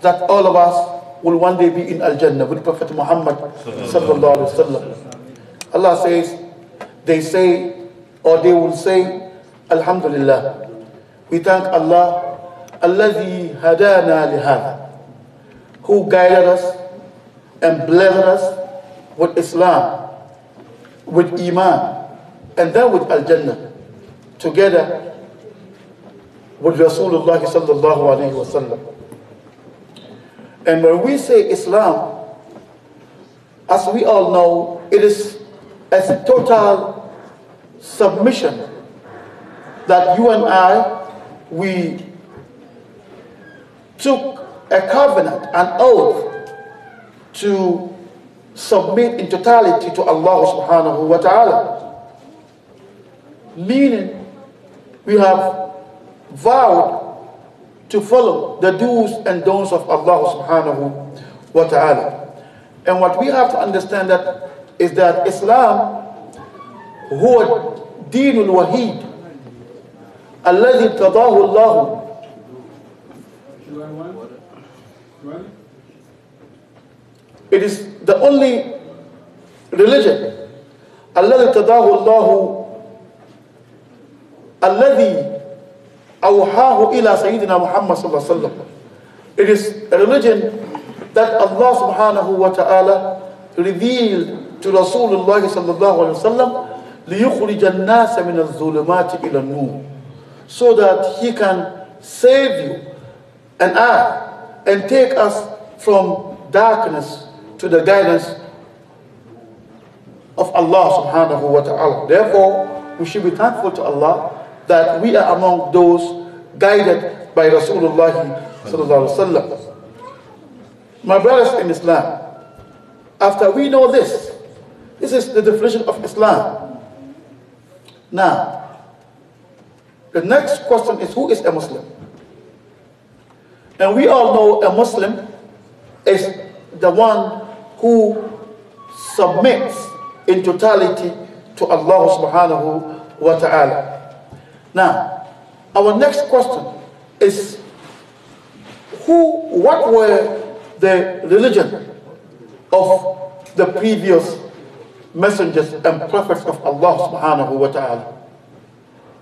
that all of us will one day be in Al Jannah with Prophet Muhammad. Allah says, they say, or they will say, Alhamdulillah. We thank Allah, allahi hadana lihada, who guided us and blessed us with Islam, with Iman, and then with Al Jannah, together with Rasulullah sallallahu alayhi wa sallam. And when we say Islam, as we all know, it is a total submission that you and I, we took a covenant, an oath to submit in totality to Allah subhanahu wa ta'ala. Meaning, we have vowed to follow the do's and don'ts of Allah subhanahu wa ta'ala. And what we have to understand that is that Islam هو الدين الوحيد الذي ارتضاه الله It is the only religion الذي ارتضاه الله الذي awhahu ila Sayyidina Muhammad sallallahu alaihi wasallam. It is a religion that Allah subhanahu wa ta'ala revealed to Rasulullah sallallahu alaihi wasallam لِيُخْرِجَ النَّاسَ مِنَ الظُّلُمَاتِ إِلَى النُّورِ So that he can save you and I and take us from darkness to the guidance of Allah subhanahu wa ta'ala. Therefore, we should be thankful to Allah that we are among those guided by Rasulullah sallallahu My brothers in Islam, after we know this, this is the definition of Islam. Now, the next question is who is a Muslim? And we all know a Muslim is the one who submits in totality to Allah subhanahu wa ta'ala. Now, our next question is who, what were the religion of the previous messengers and prophets of Allah subhanahu wa ta'ala?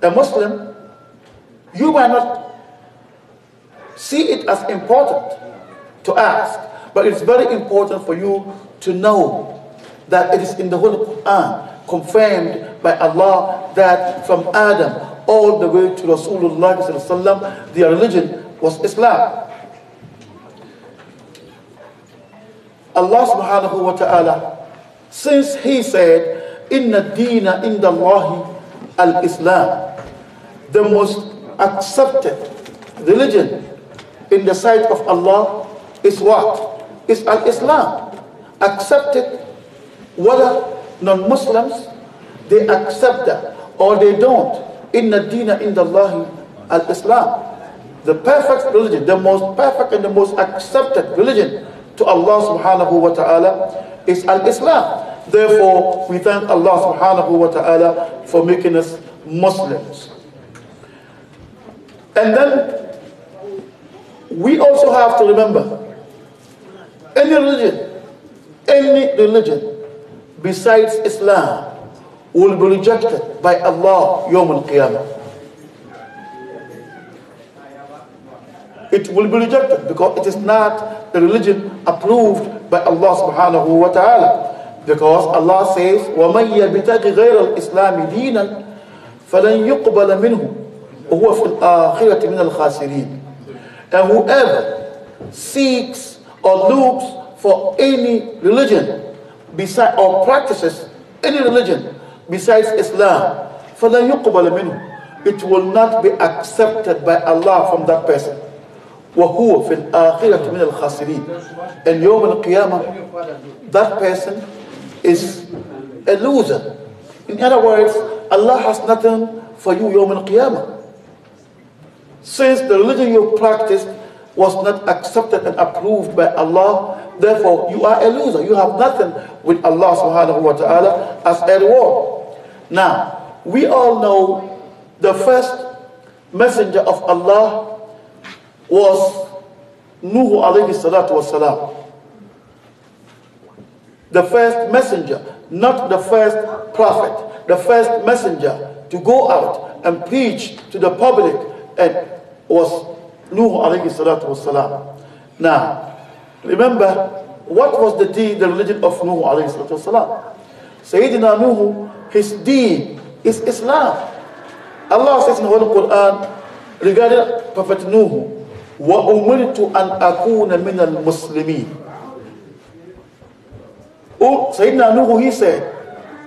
A Muslim, you might not see it as important to ask, but it's very important for you to know that it is in the Holy Quran confirmed by Allah that from Adam all the way to Rasulullah their religion was Islam. Allah subhanahu wa ta'ala, since he said, Inna dina inda Allahi al-Islam, the most accepted religion in the sight of Allah is what? Is al-Islam. Accepted whether non-Muslims, they accept that or they don't. Inna dina indallahi al-Islam. The perfect religion, the most perfect and the most accepted religion to Allah subhanahu wa ta'ala is al-Islam. Therefore, we thank Allah subhanahu wa ta'ala for making us Muslims. And then, we also have to remember, any religion, any religion besides Islam will be rejected by Allah Yawm al Qiyamah. It will be rejected because it is not the religion approved by Allah subhanahu wa ta'ala. Because Allah says, وَمَنْ يَبْتَغِ غَيْرَ الْإِسْلَامِ دِينًا فَلَنْ يُقْبَلَ مِنْهُ وَهُوَ فِي الْآخِرَةِ مِنَ الْخَاسِرِينَ And whoever seeks or looks for any religion beside or practices any religion besides Islam, فَلَا يُقْبَلَ مِنْهُ It will not be accepted by Allah from that person. وَهُوَ فِي الْآخِرَةِ مِنَ الْخَاسِرِينَ And يوم القيامة, that person is a loser. In other words, Allah has nothing for you يوم القيامة. Since the religion you practice was not accepted and approved by Allah. Therefore, you are a loser. You have nothing with Allah subhanahu wa ta'ala as a reward. Now, we all know the first messenger of Allah was Nuh alayhi salatu wasalam. The first messenger, not the first prophet, the first messenger to go out and preach to the public and was Nuh alayhi salatu wassalam. Now, remember, what was the deed, the religion of Nuh alayhi salatu wassalam? Sayyidina Nuh, his deed is Islam. Allah says in the Holy Quran regarding Prophet Nuh, وَأُمِرْتُ أَنْ أَكُونَ مِنَ الْمُسْلِمِينَ Oh, Sayyidina Nuh, he said,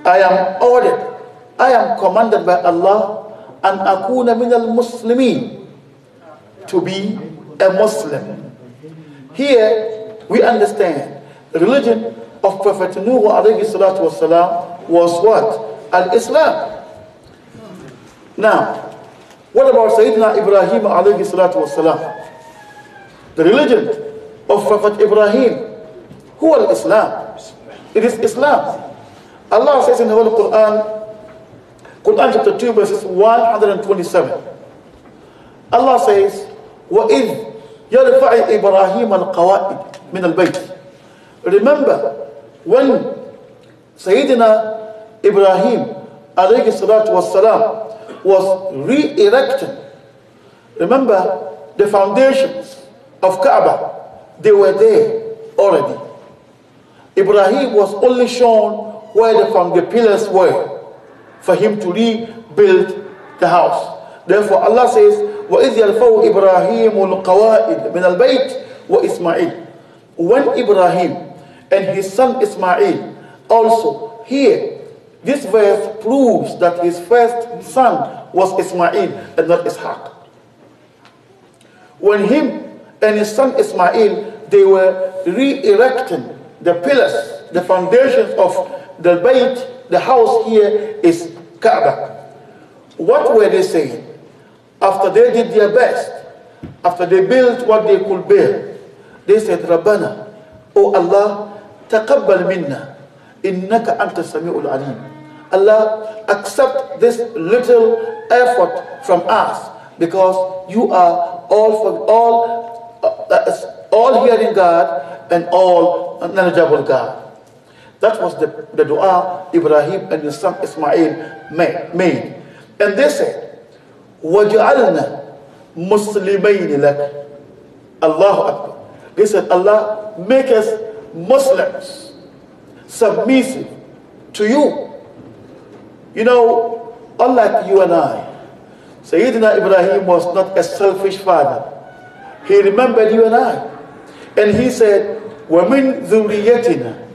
I am ordered, I am commanded by Allah, أَنْ أَكُونَ مِنَ الْمُسْلِمِينَ to be a Muslim. Here we understand the religion of Prophet Nuh was what? Al-Islam. Now, what about Sayyidina Ibrahim والسلام? The religion of Prophet Ibrahim, who are Islam? It is Islam. Allah says in the Holy Quran, Quran chapter 2 verses 127. Allah says, وإذ يرفع إبراهيم القواعد من البيت remember when Sayyidina Ibrahim alayhi salatu was re-erected remember the foundations of Kaaba they were there already Ibrahim was only shown where the, from the pillars were for him to rebuild the house therefore Allah says وإذ يرفع إبراهيم القواعد من البيت وإسماعيل when Ibrahim and his son Ismail also here this verse proves that his first son was Ismail and not Ishaq when him and his son Ismail they were re-erecting the pillars the foundations of the Bayt the house here is Kaaba what were they saying after they did their best, after they built what they could build, they said, Rabbana, O oh Allah, taqabbal minna, innaka anta sami'ul alim. Allah, accept this little effort from us because you are all for all, uh, uh all hearing God and all knowledgeable God. That was the, the dua Ibrahim and his son Ismail made. And they said, وَجَعَلْنَا مُسْلِمَيْنِ لَكَ Allahu Akbar. They said, Allah, make us Muslims, submissive to you. You know, unlike you and I, Sayyidina Ibrahim was not a selfish father. He remembered you and I. And he said, وَمِن ذُرِّيَّتِنَا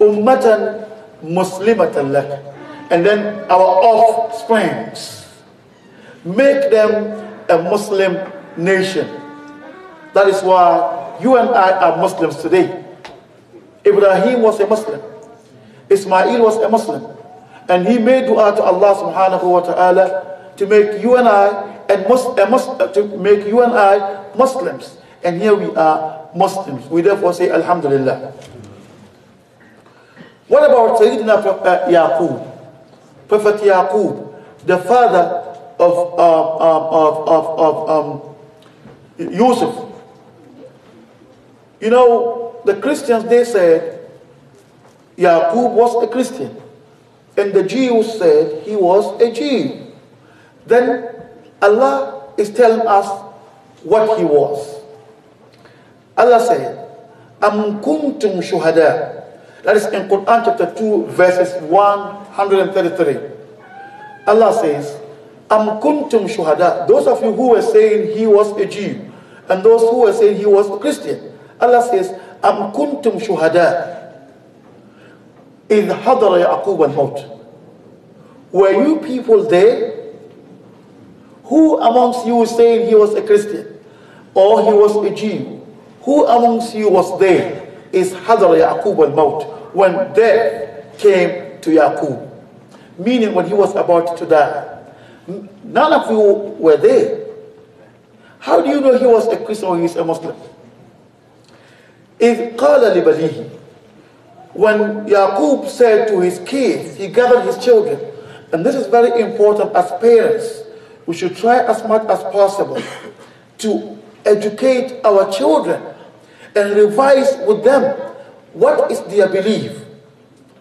أُمَّةً مُسْلِمَةً لَكَ And then our offspring Make them a Muslim nation. That is why you and I are Muslims today. Ibrahim was a Muslim. Ismail was a Muslim. And he made dua to Allah subhanahu wa ta'ala to make you and I and mus uh, to make you and I Muslims. And here we are Muslims. We therefore say Alhamdulillah. What about Sayyidina uh, Yaqub? Prophet Yaqub, the father of, um, um, of, of, of um, Yusuf. You know, the Christians, they said Yaqub was a Christian. And the Jews said he was a Jew. Then Allah is telling us what he was. Allah said, Am kuntum shuhada. That is in Quran chapter 2, verses 133. Allah says, Am kuntum shuhada. Those of you who were saying he was a Jew and those who were saying he was a Christian. Allah says, Am kuntum shuhada. إذ حضر يعقوب الموت Were you people there? Who amongst you was saying he was a Christian? Or he was a Jew? Who amongst you was there? Is Hadar Yaqub al-Maut. When death came to Yaqub. Meaning when he was about to die. None of you were there. How do you know he was a Christian or he's a Muslim? If قال لبنيه when Yaqub said to his kids, he gathered his children, and this is very important as parents, we should try as much as possible to educate our children and revise with them what is their belief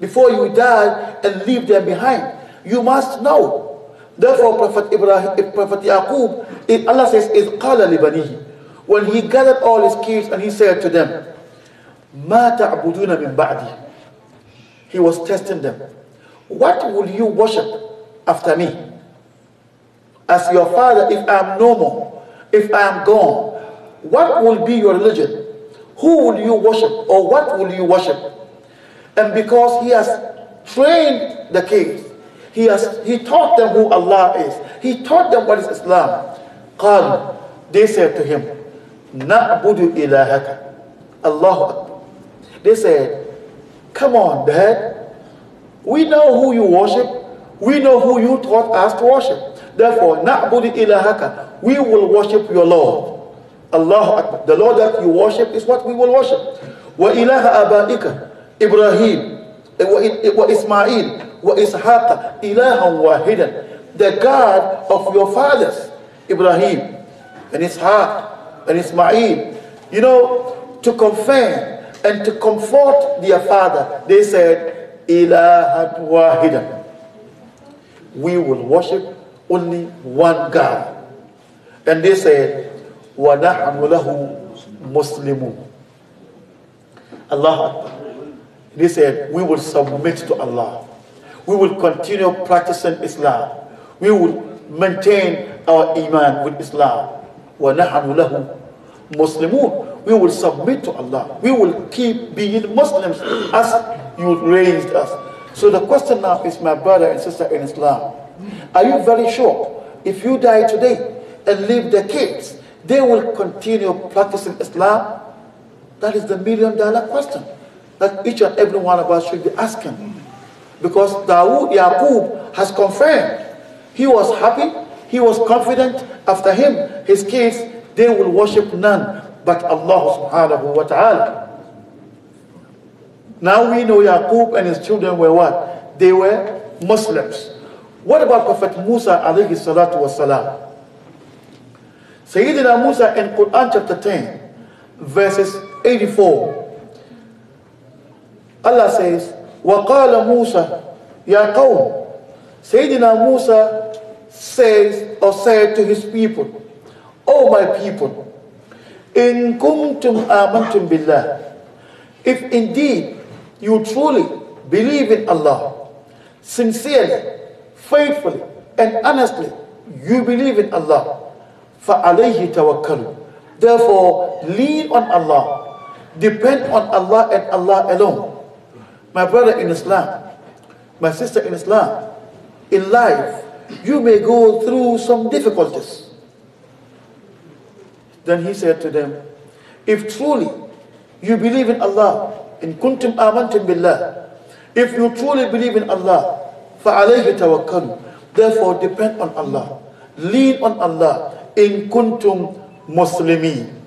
before you die and leave them behind. You must know Therefore, Prophet Ibrahim, Prophet Yaqub, Allah says, "Is qala libanihi," when he gathered all his kids and he said to them, "Ma ta'buduna min ba'di." He was testing them. What will you worship after me? As your father, if I am no more, if I am gone, what will be your religion? Who will you worship or what will you worship? And because he has trained the kids, he, has, he taught them who Allah is. He taught them what is Islam. قال, they said to him, نَعْبُدُ إِلَهَكَ Allah. They said, come on, Dad. We know who you worship. We know who you taught us to worship. Therefore, نَعْبُدُ إِلَهَكَ We will worship your Lord. Allah The Lord that you worship is what we will worship. وَإِلَهَ أَبَائِكَ Ibrahim, Ismail, وإسحاق إلها واحدا the God of your fathers Ibrahim and Ishaq and Ismail you know to confirm and to comfort their father they said إلها واحدا we will worship only one God and they said وَنَحْنُ لَهُ مُسْلِمُونَ Allah They said, we will submit to Allah we will continue practicing Islam. We will maintain our iman with Islam. وَنَحْنُ لَهُ Muslimun. We will submit to Allah. We will keep being Muslims as you raised us. So the question now is, my brother and sister in Islam, are you very sure if you die today and leave the kids, they will continue practicing Islam? That is the million dollar question that each and every one of us should be asking. Because Dawood, Yaqub has confirmed. He was happy, he was confident. After him, his kids, they will worship none but Allah subhanahu wa ta'ala. Now we know Yaqub and his children were what? They were Muslims. What about Prophet Musa alayhi salatu wasalam? Sayyidina Musa in Quran chapter 10, verses 84. Allah says, وَقَالَ Musa, Ya qawm. Sayyidina Musa says or said to his people, O oh my people, in kuntum amantum billah, if indeed you truly believe in Allah, sincerely, faithfully, and honestly, you believe in Allah, فَعَلَيْهِ تَوَكَّلُوا Therefore, lean on Allah, depend on Allah and Allah alone. My brother in Islam, my sister in Islam, in life, you may go through some difficulties. Then he said to them, If truly you believe in Allah, in kuntum amantum billah, if you truly believe in Allah, فَعَلَيْهِ تَوَكَّلُوا Therefore depend on Allah, lean on Allah, in kuntum muslimin.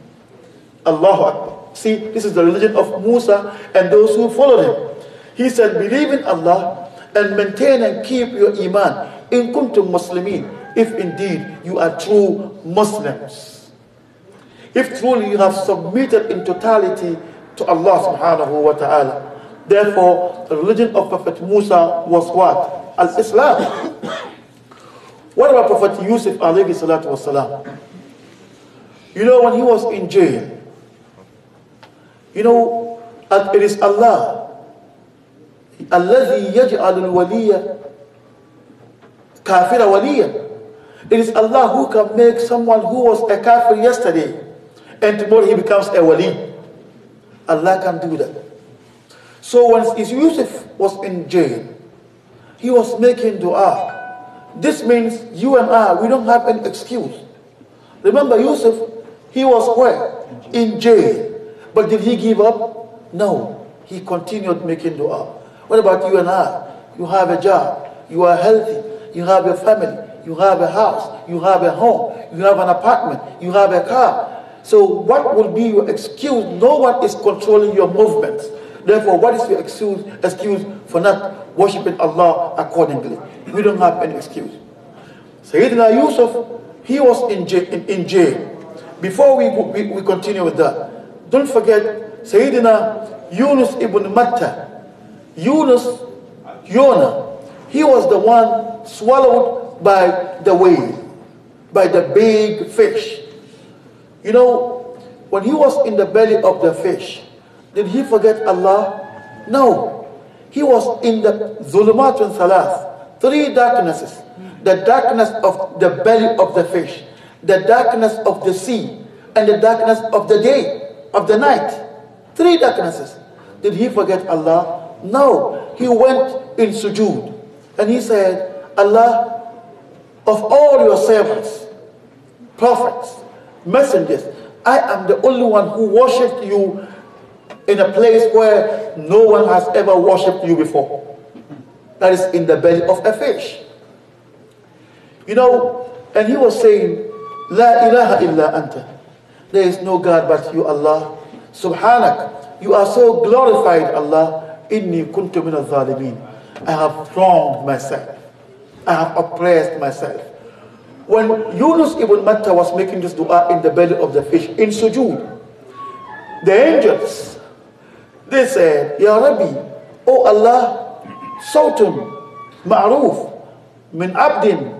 Allahu Akbar. See, this is the religion of Musa and those who followed him. He said, believe in Allah and maintain and keep your iman. In kuntum muslimin, if indeed you are true Muslims. If truly you have submitted in totality to Allah subhanahu wa ta'ala. Therefore, the religion of Prophet Musa was what? Al-Islam. what about Prophet Yusuf alayhi salatu wasalam? You know, when he was in jail, you know, it is Allah الذي يجعل الولي It is Allah who can make someone who was a kafir yesterday and tomorrow he becomes a wali. Allah can do that. So when Yusuf was in jail, he was making dua. This means you and I, we don't have an excuse. Remember Yusuf, he was where? In jail. But did he give up? No. He continued making dua. What about you and I? You have a job, you are healthy, you have a family, you have a house, you have a home, you have an apartment, you have a car. So what will be your excuse? No one is controlling your movements. Therefore, what is your excuse, excuse for not worshiping Allah accordingly? We don't have any excuse. Sayyidina Yusuf, he was in jail. In, in jail. Before we, we, we continue with that, don't forget Sayyidina Yunus ibn Matta, Yunus, Jonah, he was the one swallowed by the whale, by the big fish. You know, when he was in the belly of the fish, did he forget Allah? No. He was in the zulumat salas, three darknesses. The darkness of the belly of the fish, the darkness of the sea, and the darkness of the day, of the night. Three darknesses. Did he forget Allah? No, he went in sujood and he said, Allah, of all your servants, prophets, messengers, I am the only one who worshipped you in a place where no one has ever worshipped you before. That is in the belly of a fish. You know, and he was saying, La ilaha illa anta. There is no God but you, Allah. Subhanak. You are so glorified, Allah. Inni kuntu min zalimin I have wronged myself. I have oppressed myself. When Yunus ibn Matta was making this dua in the belly of the fish, in sujood, the angels, they said, Ya Rabbi, O Allah, Sultan, Ma'ruf, Min Abdin,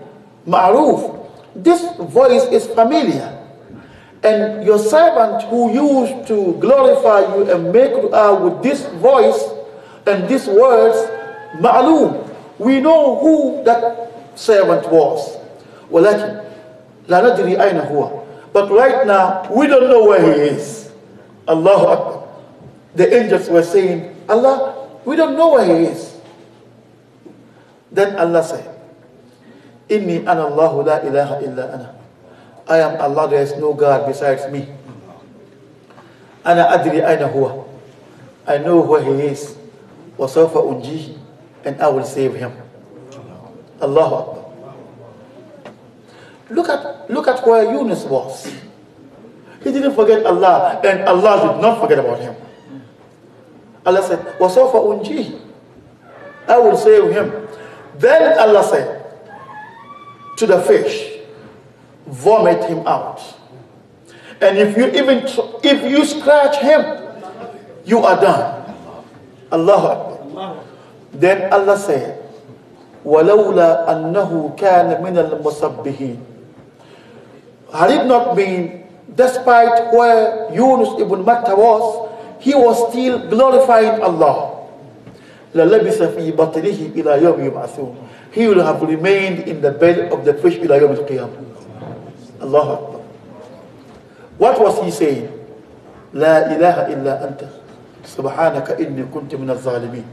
Ma'ruf. This voice is familiar. And your servant who used to glorify you and make dua with this voice and these words, ma'lum, we know who that servant was. ولكن لا ندري أين هو. But right now, we don't know where he is. Allah, The angels were saying, Allah, we don't know where he is. Then Allah said, Inni ana Allahu la ilaha illa ana. I am Allah, there is no God besides me. Ana adri aina huwa. I know where he is. وَسَوْفَ أُنْجِيهِ And I will save him. Allah. Akbar. Look at, look at where Yunus was. He didn't forget Allah, and Allah did not forget about him. Allah said, وَسَوْفَ أُنْجِيهِ I will save him. Then Allah said to the fish, vomit him out. And if you even, if you scratch him, you are done. Allah Then Allah said, وَلَوْلَا أَنَّهُ كَانَ مِنَ المصبهين Had it not been, despite where Yunus ibn Matta was, he was still glorifying Allah. للبس فِي بَطْنِهِ إِلَى يَوْمِ يُبْعَثُونَ He will have remained in the belly of the fish إِلَى يَوْمِ الْقِيَامَةِ Allah Akbar. What was he saying? لا إله إلا أنت سبحانك إني كنت من الظالمين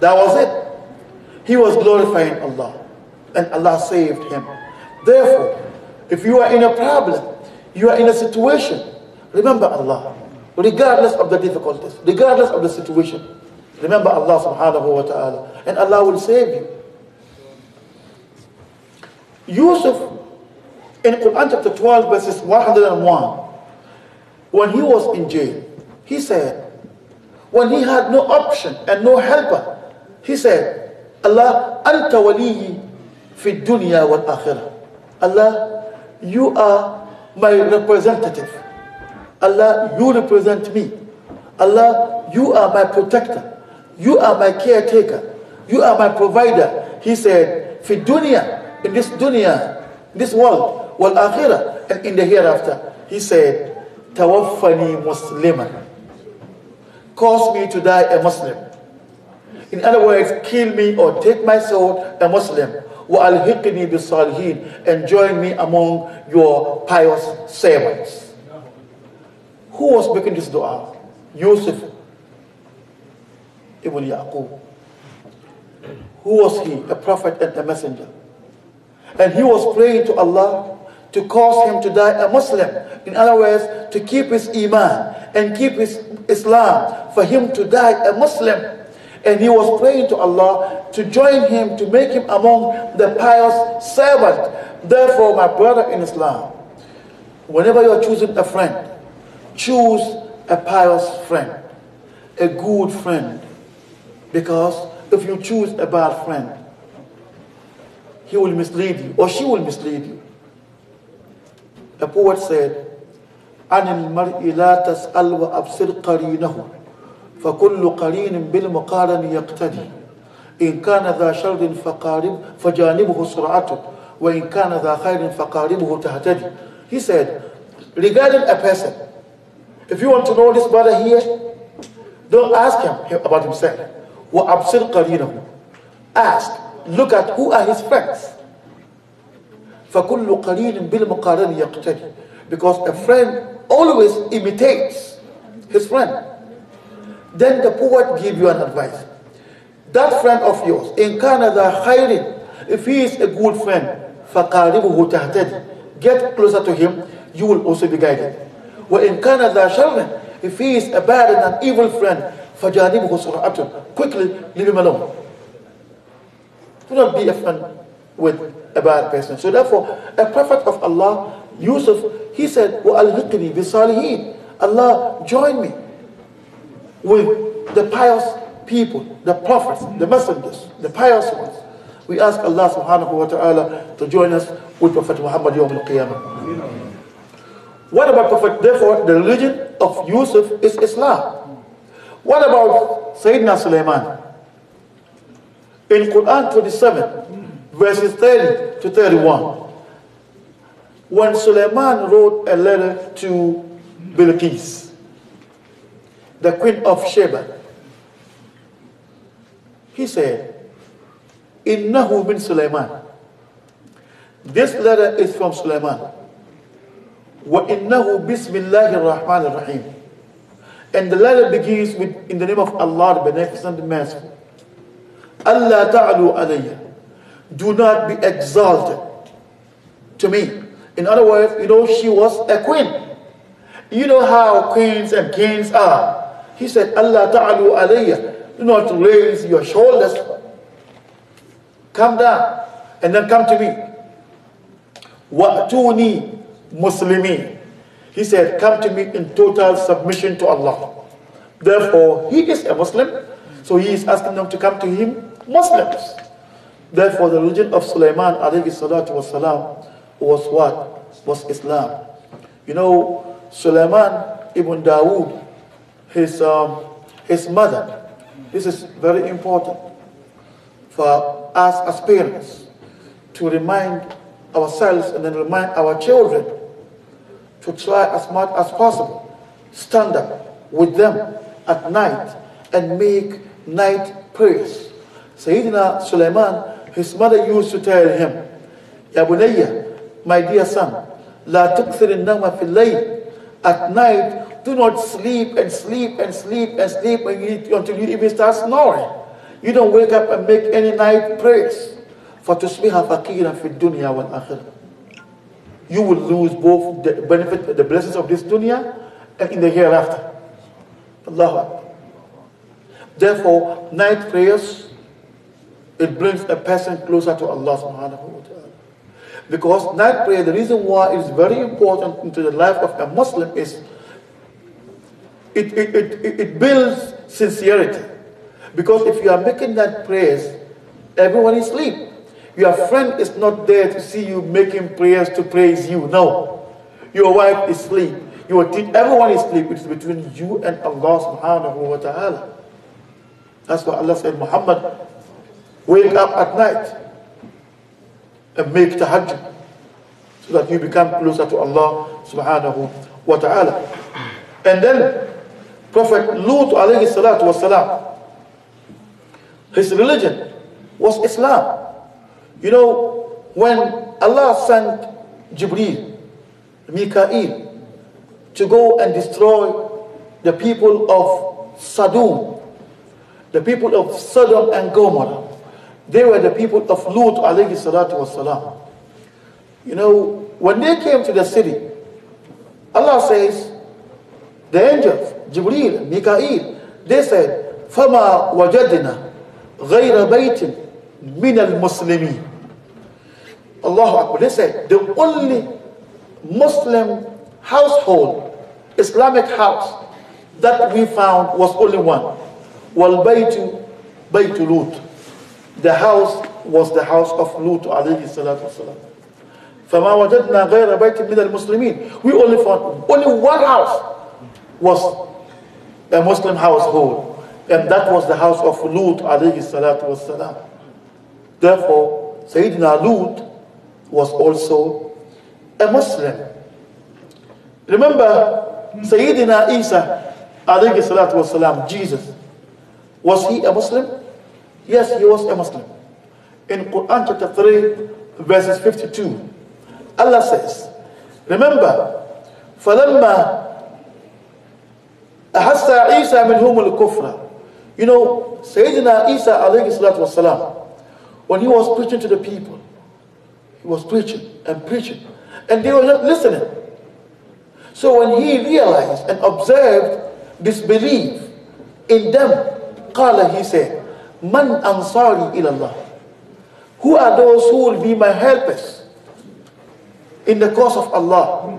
That was it. He was glorifying Allah. And Allah saved him. Therefore, if you are in a problem, you are in a situation, remember Allah. Regardless of the difficulties, regardless of the situation, remember Allah subhanahu wa ta'ala. And Allah will save you. Yusuf, in Quran chapter 12, verses 101, when he was in jail, he said, when he had no option and no helper, he said, Allah, anta waliyi fi dunya wal akhirah. Allah, you are my representative. Allah, you represent me. Allah, you are my protector. You are my caretaker. You are my provider. He said, fi dunya, in this dunya, this world, wal akhirah, and in the hereafter. He said, tawaffani musliman. Cause me to die a Muslim. In other words, kill me or take my soul, a Muslim. al-hiktihi bi بِالصَّالِحِينَ And join me among your pious servants. Who was making this dua? Yusuf ibn Yaqub. Who was he? A prophet and a messenger. And he was praying to Allah to cause him to die a Muslim. In other words, to keep his Iman and keep his Islam. For him to die a Muslim. And he was praying to Allah to join him, to make him among the pious servants. Therefore, my brother in Islam, whenever you are choosing a friend, choose a pious friend, a good friend. Because if you choose a bad friend, he will mislead you or she will mislead you. A poet said, عن المرء لا تسأل وأبصر قرينه فكل قرين بالمقارن يقتدي إن كان ذا شر فقارب فجانبه سرعته وإن كان ذا خير فقاربه تهتدي He said, regarding a person, if you want to know this brother here, don't ask him about himself. وأبصر قرينه. Ask, look at who are his friends. فكل قرين بالمقارن يقتدي. Because a friend always imitates his friend. Then the poet give you an advice. That friend of yours, in Canada, hiring, if he is a good friend, فَقَارِبُهُ تَهْتَدِ Get closer to him, you will also be guided. وَإِنْ in Canada, شَرٍ If he is a bad and an evil friend, فَجَانِبُهُ سُرْعَةٌ Quickly, leave him alone. Do not be a friend with a bad person. So therefore, a prophet of Allah, Yusuf, he said, وَأَلْهِقْنِي بِصَالِحِينَ Allah, join me with the pious people, the prophets, the messengers, the pious ones. We ask Allah subhanahu wa ta'ala to join us with Prophet Muhammad Yawm al-Qiyamah. What about Prophet? Therefore, the religion of Yusuf is Islam. What about Sayyidina Sulaiman? In Quran 27, verses 30 to 31, when Sulaiman wrote a letter to Bilqis, the queen of Sheba. He said, Innahu bin Sulaiman. This letter is from Sulaiman. Wa بِسْمِ اللَّهِ الرَّحْمَنِ rahim And the letter begins with, in the name of Allah, the Beneficent, the Merciful. Allah ta'alu alayya. Do not be exalted to me. In other words, you know, she was a queen. You know how queens and kings are. He said, Allah ta'alu alayya. Do not raise your shoulders. Come down and then come to me. Wa'tuni muslimi." He said, come to me in total submission to Allah. Therefore, he is a Muslim. So he is asking them to come to him, Muslims. Therefore, the religion of Sulaiman alayhi salatu wasalam, was what? Was Islam. You know, Sulaiman ibn Dawood his, um, his mother. This is very important for us as parents to remind ourselves and then remind our children to try as much as possible stand up with them at night and make night prayers. Sayyidina Sulaiman, his mother used to tell him, Ya Bunayya, my dear son, La تكثر النوم fil الليل. At night, do not sleep and sleep and sleep and sleep until you even start snoring. You don't wake up and make any night prayers. For to فَتُصْبِحَ فَقِيرًا dunya الدُّنْيَا akhirah, You will lose both the benefit, the blessings of this dunya and in the hereafter. Allah. Therefore, night prayers, it brings a person closer to Allah subhanahu wa ta'ala. Because night prayer, the reason why it is very important into the life of a Muslim is it, it, it, it builds sincerity. Because if you are making that prayers, everyone is asleep. Your friend is not there to see you making prayers to praise you. No. Your wife is asleep. Your te- everyone is asleep. It's between you and Allah subhanahu wa ta'ala. That's why Allah said, Muhammad, wake up at night and make tahajjud so that you become closer to Allah subhanahu wa ta'ala. And then Prophet Lut alayhi salatu was salam. His religion was Islam. You know, when Allah sent Jibreel, Mikael, to go and destroy the people of Sodom, the people of Sodom and Gomorrah, they were the people of Lut alayhi salatu was salam. You know, when they came to the city, Allah says, the angels, Jibreel, Mikael, they said, فَمَا وَجَدْنَا غَيْرَ بَيْتٍ مِنَ الْمُسْلِمِينَ Allah Akbar. They said, the only Muslim household, Islamic house, that we found was only one. وَالْبَيْتُ بَيْتُ لُوتُ The house was the house of Lut alayhi salatu wasalam. فَمَا وَجَدْنَا غَيْرَ بَيْتٍ مِنَ الْمُسْلِمِينَ We only found only one house was a Muslim household. And that was the house of Lut alayhi salatu Therefore, Sayyidina Lut was also a Muslim. Remember, Sayyidina Isa alayhi salatu wassalam, Jesus, was he a Muslim? Yes, he was a Muslim. In Quran chapter 3, verses 52, Allah says, Remember, فَلَمَّا Hasta Isa minhum al-kufra. You know, Sayyidina Isa alayhi salatu wasalam, when he was preaching to the people, he was preaching and preaching, and they were not listening. So when he realized and observed disbelief in them, Qala, he said, Man ansari ilallah. Who are those who will be my helpers in the cause of Allah?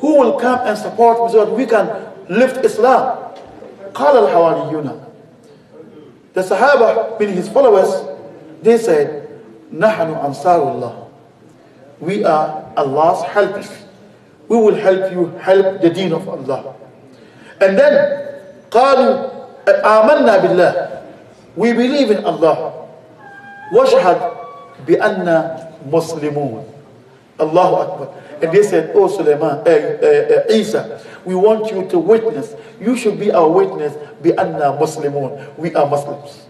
Who will come and support me so that we can Lift Islam. قال الحواريون The Sahaba, meaning his followers, they said, نحن أنصار الله We are Allah's helpers. We will help you help the deen of Allah. And then, قالوا آمنا بالله We believe in Allah. واشهد بأننا مسلمون الله أكبر and they said, Oh, Suleiman, uh, uh, Isa, we want you to witness. You should be our witness. Be anna Muslimun. We are Muslims.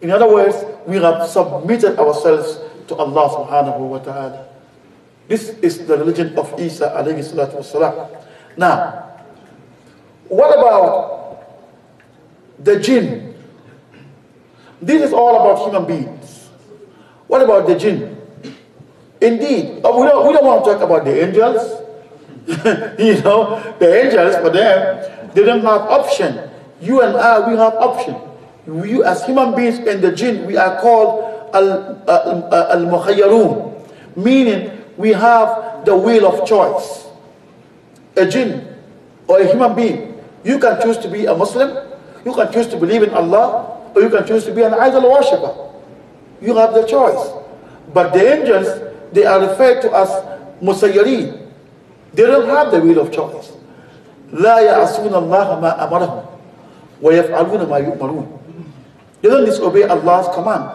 In other words, we have submitted ourselves to Allah subhanahu wa ta'ala. This is the religion of Isa alayhi salatu wasalam. Now, what about the jinn? This is all about human beings. What about the jinn? Indeed, oh, we don't, we don't want to talk about the angels. you know, the angels for them, they don't have option. You and I, we have option. We, as human beings and the jinn, we are called uh, uh, al-mukhayyarun, meaning we have the will of choice. A jinn or a human being, you can choose to be a Muslim, you can choose to believe in Allah, or you can choose to be an idol worshipper. You have the choice. But the angels, they are referred to as musayyari. They don't have the will of choice. لا يعصون الله ما أمرهم ويفعلون ما يؤمرون They don't disobey Allah's command.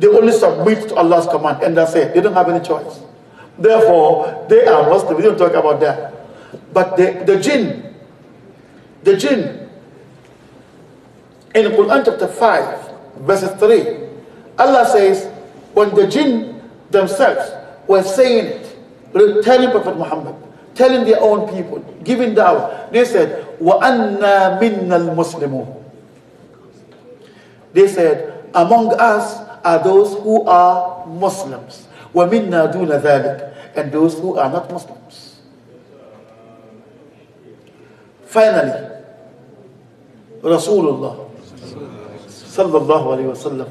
They only submit to Allah's command and that's it. They don't have any choice. Therefore, they are Muslim. We don't talk about that. But the, the jinn, the jinn, in Quran chapter 5, verses 3, Allah says, when the jinn themselves were saying it, telling Prophet Muhammad, telling their own people, giving dawah. They said, "Wa anna minna They said, "Among us are those who are Muslims, wa minna duna and those who are not Muslims." Finally, Rasulullah sallallahu alaihi wasallam,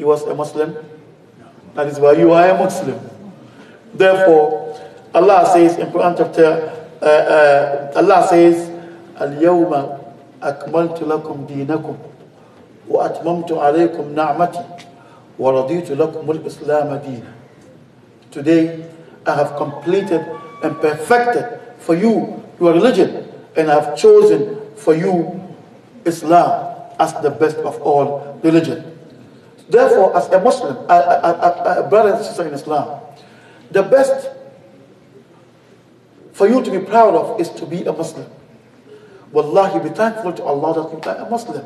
he was a Muslim. That is why you are a Muslim. Therefore, Allah says in Quran chapter, uh, uh, Allah says, اليوم wa لكم دينكم وأتممت عليكم wa ورضيت لكم الإسلام دينا Today I have completed and perfected for you your religion and I have chosen for you Islam as the best of all religions. Therefore, as a Muslim, a, a, a, a brother and sister in Islam, the best for you to be proud of is to be a Muslim. Wallahi, be thankful to Allah that you are a Muslim.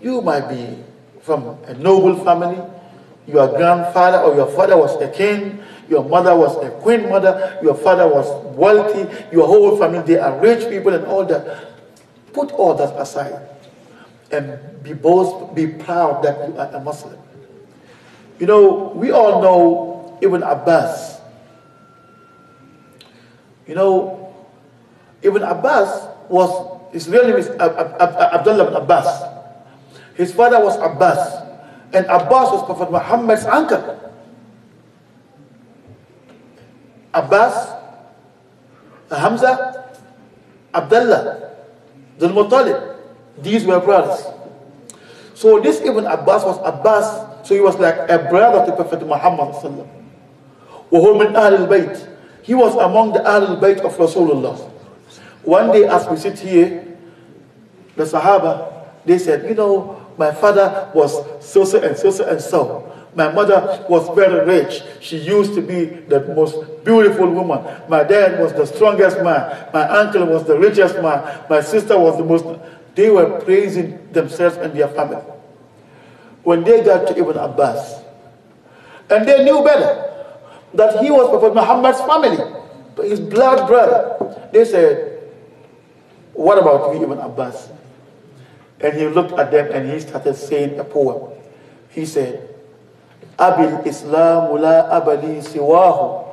You might be from a noble family, your grandfather or your father was a king, your mother was a queen mother, your father was wealthy, your whole family, they are rich people and all that. Put all that aside and be boast, be proud that you are a Muslim. You know, we all know Ibn Abbas. You know, Ibn Abbas was, his real name is Abdullah ibn Abbas. His father was Abbas. And Abbas was Prophet Muhammad's uncle. Abbas, Hamza, Abdullah, the Muttalib. These were brothers. So this Ibn Abbas was Abbas, so he was like a brother to Prophet Muhammad وهو من Ahlul Bayt, He was among the Ahlul Bayt of Rasulullah. One day as we sit here, the Sahaba, they said, you know, my father was so so and so so and so. My mother was very rich. She used to be the most beautiful woman. My dad was the strongest man. My uncle was the richest man. My sister was the most they were praising themselves and their family. When they got to Ibn Abbas, and they knew better that he was of Muhammad's family, his blood brother, they said, What about you, Ibn Abbas? And he looked at them and he started saying a poem. He said, "Abil Islam لا أب لي سواه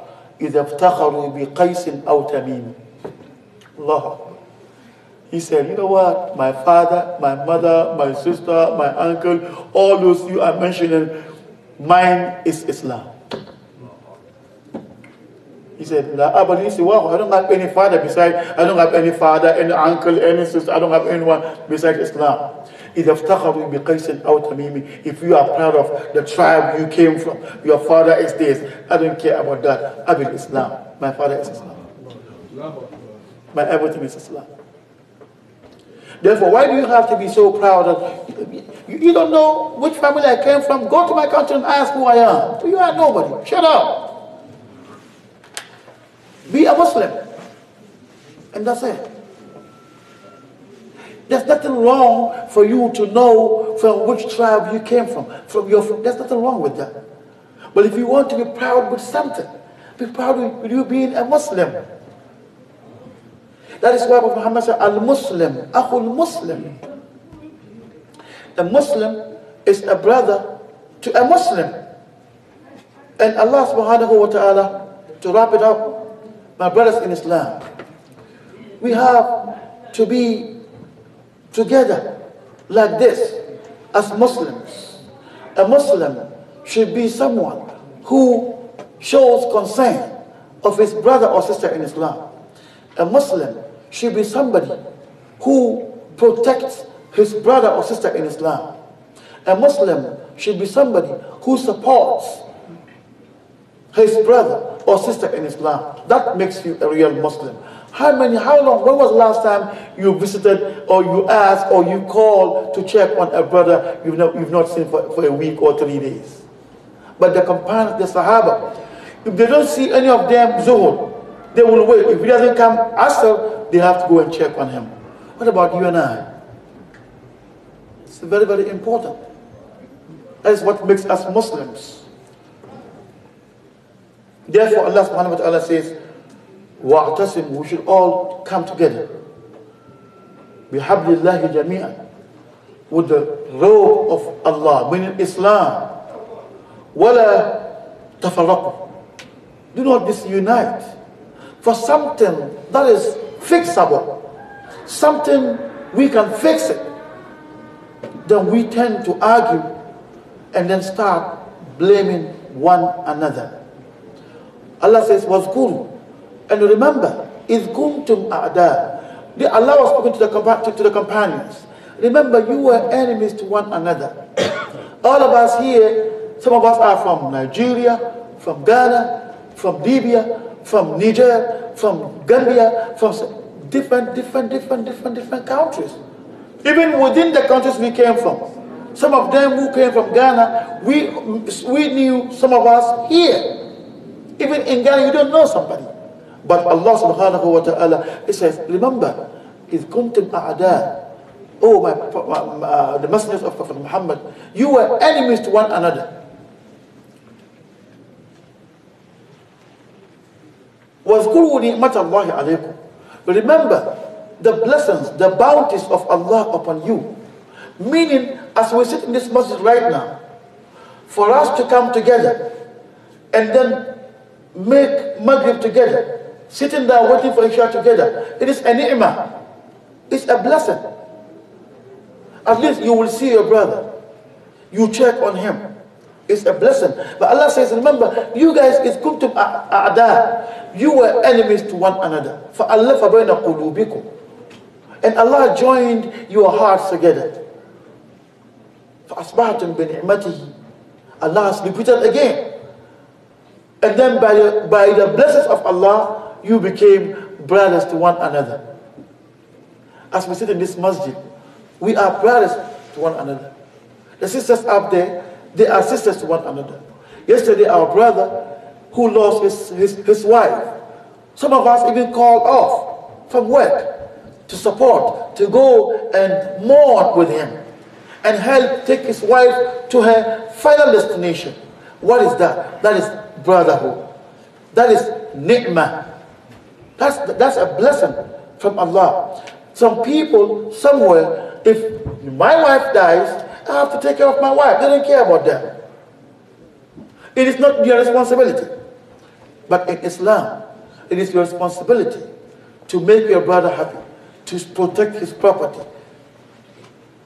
إذا افتخروا بقيس أو تميم الله he said, You know what? My father, my mother, my sister, my uncle, all those you are mentioning, mine is Islam. He said, nah, ah, but he said, wow, I don't have any father besides, I don't have any father, any uncle, any sister, I don't have anyone besides Islam. If you are proud of the tribe you came from, your father is this. I don't care about that. I believe Islam. My father is Islam. My everything is Islam. Therefore, why do you have to be so proud? That you, you don't know which family I came from. Go to my country and ask who I am. You are nobody. Shut up. Be a Muslim. And that's it. There's nothing wrong for you to know from which tribe you came from. From your, there's nothing wrong with that. But if you want to be proud with something, be proud with you being a Muslim. That is why Prophet Muhammad said, Al-Muslim, Akhul Muslim. A Muslim is a brother to a Muslim. And Allah subhanahu wa ta'ala, to wrap it up, my brothers in Islam, we have to be together like this as Muslims. A Muslim should be someone who shows concern of his brother or sister in Islam. A Muslim should be somebody who protects his brother or sister in Islam. A Muslim should be somebody who supports his brother or sister in Islam. That makes you a real Muslim. How many, how long, when was the last time you visited or you asked or you called to check on a brother you've not, you've not seen for, for a week or three days? But the companions, the Sahaba, if they don't see any of them, Zuhur, they will wait. If he doesn't come ourselves, they have to go and check on him. What about you and I? It's very, very important. That is what makes us Muslims. Therefore, Allah subhanahu wa ta'ala says, Wa'tasim, we should all come together. Bihablillahi jami'an. With the robe of Allah, meaning Islam. Wala tafarraqu. Do not disunite for something that is fixable, something we can fix it, then we tend to argue and then start blaming one another. Allah says, good, And remember, is kuntum أَعْدَاءَ Allah was speaking to the, to the companions. Remember, you were enemies to one another. All of us here, some of us are from Nigeria, from Ghana, from Libya, from Niger, from Gambia, from different, different, different, different, different countries. Even within the countries we came from. Some of them who came from Ghana, we, we knew some of us here. Even in Ghana, you don't know somebody. But Allah subhanahu wa ta'ala, He says, remember, is kuntum a'da. Oh, my, my, my uh, the messengers of Prophet Muhammad, you were enemies to one another. وَاذْكُرُوا Remember the blessings, the bounties of Allah upon you. Meaning, as we sit in this masjid right now, for us to come together and then make Maghrib together, sitting there waiting for Isha together, it is a ni'mah. It's a blessing. At least you will see your brother. You check on him. It's a blessing. But Allah says, remember, you guys is kuntum a'da. You were enemies to one another. Allah بَيْنَ قُلُوبِكُمْ And Allah joined your hearts together. فَأَصْبَحْتُمْ بِنِعْمَتِهِ Allah has repeated again. And then by the, by the blessings of Allah, you became brothers to one another. As we sit in this masjid, we are brothers to one another. The sisters up there, they are sisters to one another. Yesterday, our brother who lost his, his, his wife, some of us even called off from work to support, to go and mourn with him and help take his wife to her final destination. What is that? That is brotherhood. That is ni'mah. That's, that's a blessing from Allah. Some people, somewhere, if my wife dies, I have to take care of my wife. They don't care about that. It is not your responsibility. But in Islam, it is your responsibility to make your brother happy, to protect his property.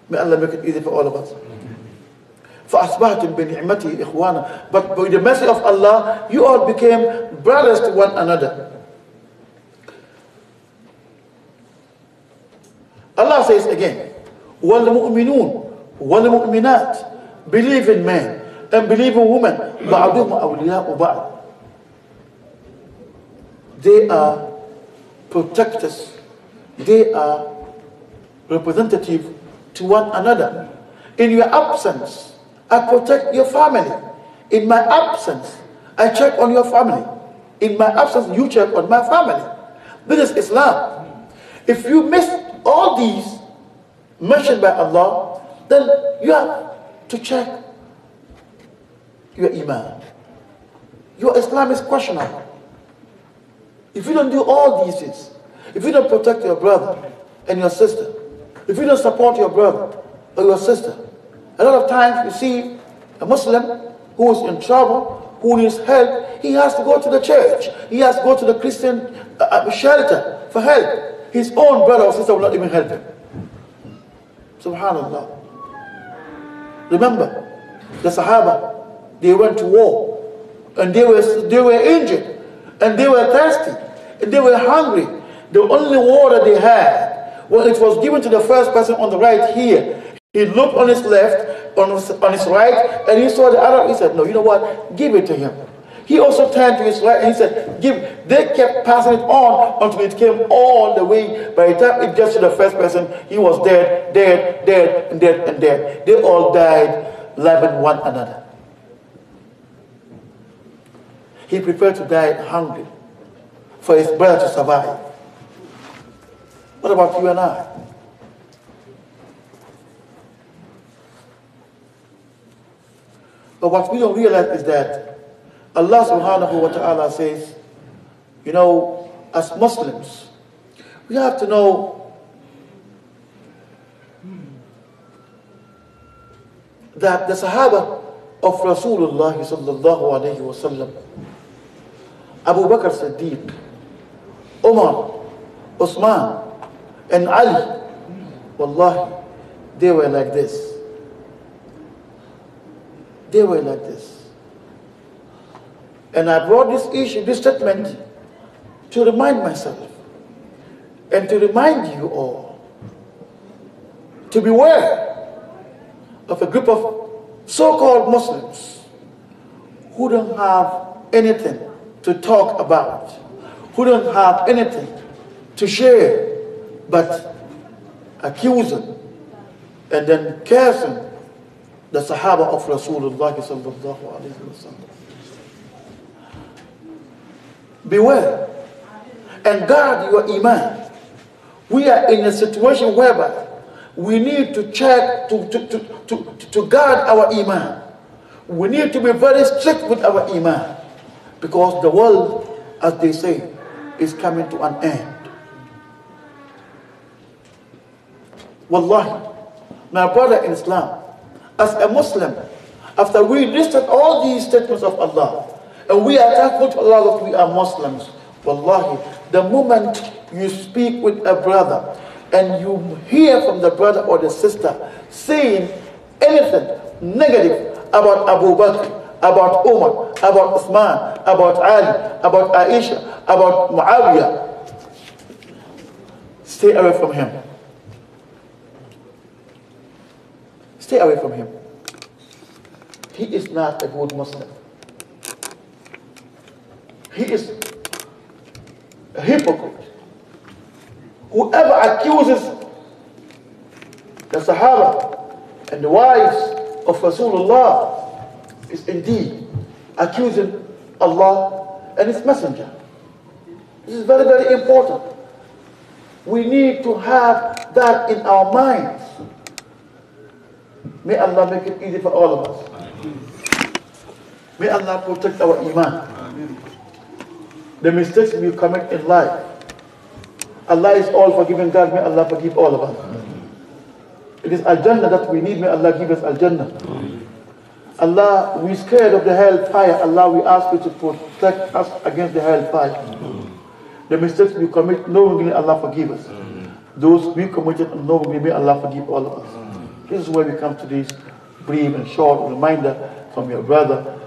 May Allah make it easy for all of us. But by the mercy of Allah, you all became brothers to one another. Allah says again, والمؤمنون والمؤمنات believe in men and believe in women بعضهم أولياء بعض they are protectors they are representative to one another in your absence I protect your family in my absence I check on your family in my absence you check on my family this is Islam if you miss all these mentioned by Allah then you have to check your iman. Your Islam is questionable. If you don't do all these things, if you don't protect your brother and your sister, if you don't support your brother or your sister, a lot of times you see a Muslim who is in trouble, who needs help, he has to go to the church. He has to go to the Christian uh, uh shelter for help. His own brother or sister will not even help him. Subhanallah. Remember, the Sahaba, they went to war and they were, they were injured and they were thirsty and they were hungry. The only water they had, well, it was given to the first person on the right here. He looked on his left, on his, on his right, and he saw the Arab. He said, No, you know what? Give it to him. He also turned to his right and he said, Give. They kept passing it on until it came all the way. By the time it gets to the first person, he was dead, dead, dead, and dead, and dead. They all died, loving one another. He prepared to die hungry for his brother to survive. What about you and I? But what we don't realize is that Allah subhanahu wa ta'ala says, you know, as Muslims, we have to know that the Sahaba of Rasulullah sallallahu alayhi wa sallam, Abu Bakr Siddiq, Umar, Usman, and Ali, wallahi, they were like this. They were like this. And I brought this issue, this statement, to remind myself and to remind you all to beware of a group of so-called Muslims who don't have anything to talk about, who don't have anything to share, but accusing and then cursing the Sahaba of Rasulullah sallallahu alayhi wa sallam. Beware. And guard your iman. We are in a situation whereby we need to check, to, to, to, to, to guard our iman. We need to be very strict with our iman. Because the world, as they say, is coming to an end. Wallahi, my brother in Islam, as a Muslim, after we listed all these statements of Allah, and we are thankful to Allah that we are Muslims. Wallahi, the moment you speak with a brother and you hear from the brother or the sister saying anything negative about Abu Bakr, about Umar, about Uthman, about Ali, about Aisha, about Muawiyah, stay away from him. Stay away from him. He is not a good Muslim he is a hypocrite. Whoever accuses the Sahaba and the wives of Rasulullah is indeed accusing Allah and His Messenger. This is very, very important. We need to have that in our minds. May Allah make it easy for all of us. May Allah protect our iman. Amen the mistakes we commit in life. Allah is all forgiving God. May Allah forgive all of us. It is Al-Jannah that we need. May Allah give us Al-Jannah. Allah, we're scared of the hellfire. Allah, we ask you to protect us against the hellfire. The mistakes we commit knowingly, Allah forgive us. Those we committed one may Allah forgive all of us. This is where we come to this brief and short reminder from your brother.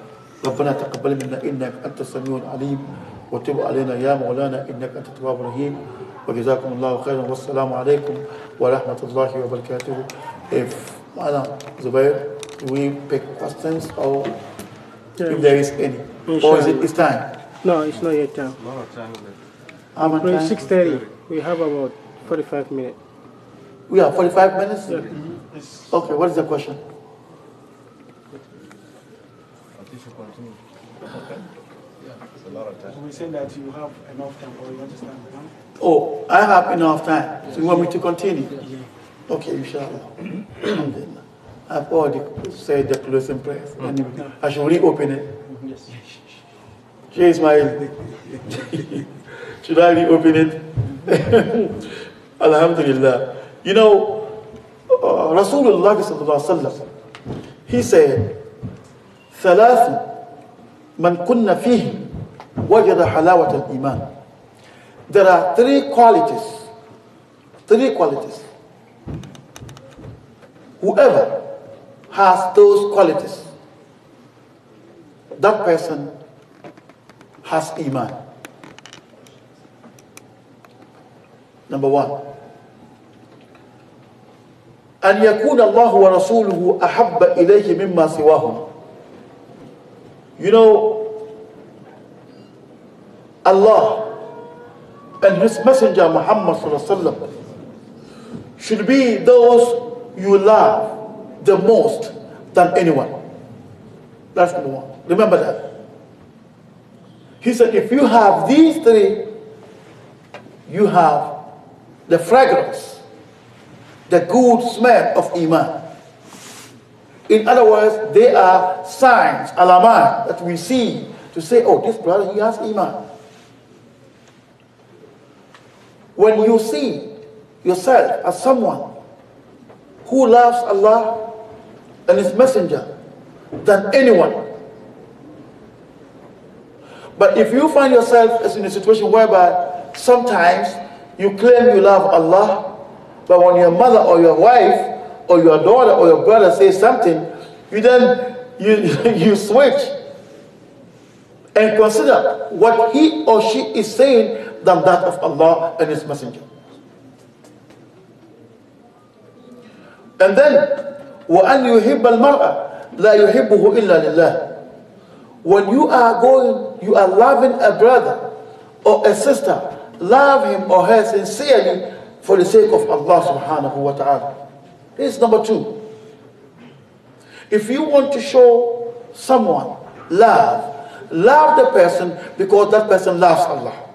ربنا تقبل منا انك انت السميع العليم وتب علينا يا مولانا إنك أنت التواب الرحيم وجزاكم الله خيرا والسلام عليكم ورحمة الله وبركاته If Madam Zubair, we pick questions or if there is any. Or is it it's time? No, it's not yet time. No time How much time? 6.30. We have about 45 minutes. We have 45 minutes? Yeah. Mm -hmm. Okay, what is the question? lot of time. We say that you have enough time or you understand. Huh? Oh, I have enough time. So you want me to continue? Yes. Okay, inshallah. I've already said the closing prayer. Mm. I shall reopen it. Yes. my. should I reopen it? Alhamdulillah. You know, uh, Rasulullah sallallahu he said, ثلاث من كنا وجد حلاوة الإيمان There are three qualities. Three qualities. Whoever has those qualities, that person has Iman. Number one. أن يكون الله ورسوله أحب إليه مما سواهم. You know, Allah and His Messenger Muhammad should be those you love the most than anyone. That's number one. Remember that. He said, if you have these three, you have the fragrance, the good smell of Iman. In other words, they are signs, alamat, that we see to say, oh, this brother, he has Iman. When you see yourself as someone who loves Allah and His Messenger than anyone. But if you find yourself as in a situation whereby sometimes you claim you love Allah, but when your mother or your wife or your daughter or your brother says something, you then you, you switch and consider what he or she is saying than that of Allah and His Messenger. And then, وَأَنْ يُحِبَّ الْمَرْأَ لَا يُحِبُّهُ إِلَّا لِلَّهِ When you are going, you are loving a brother or a sister, love him or her sincerely for the sake of Allah subhanahu wa ta'ala. This is number two. If you want to show someone love, love the person because that person loves Allah.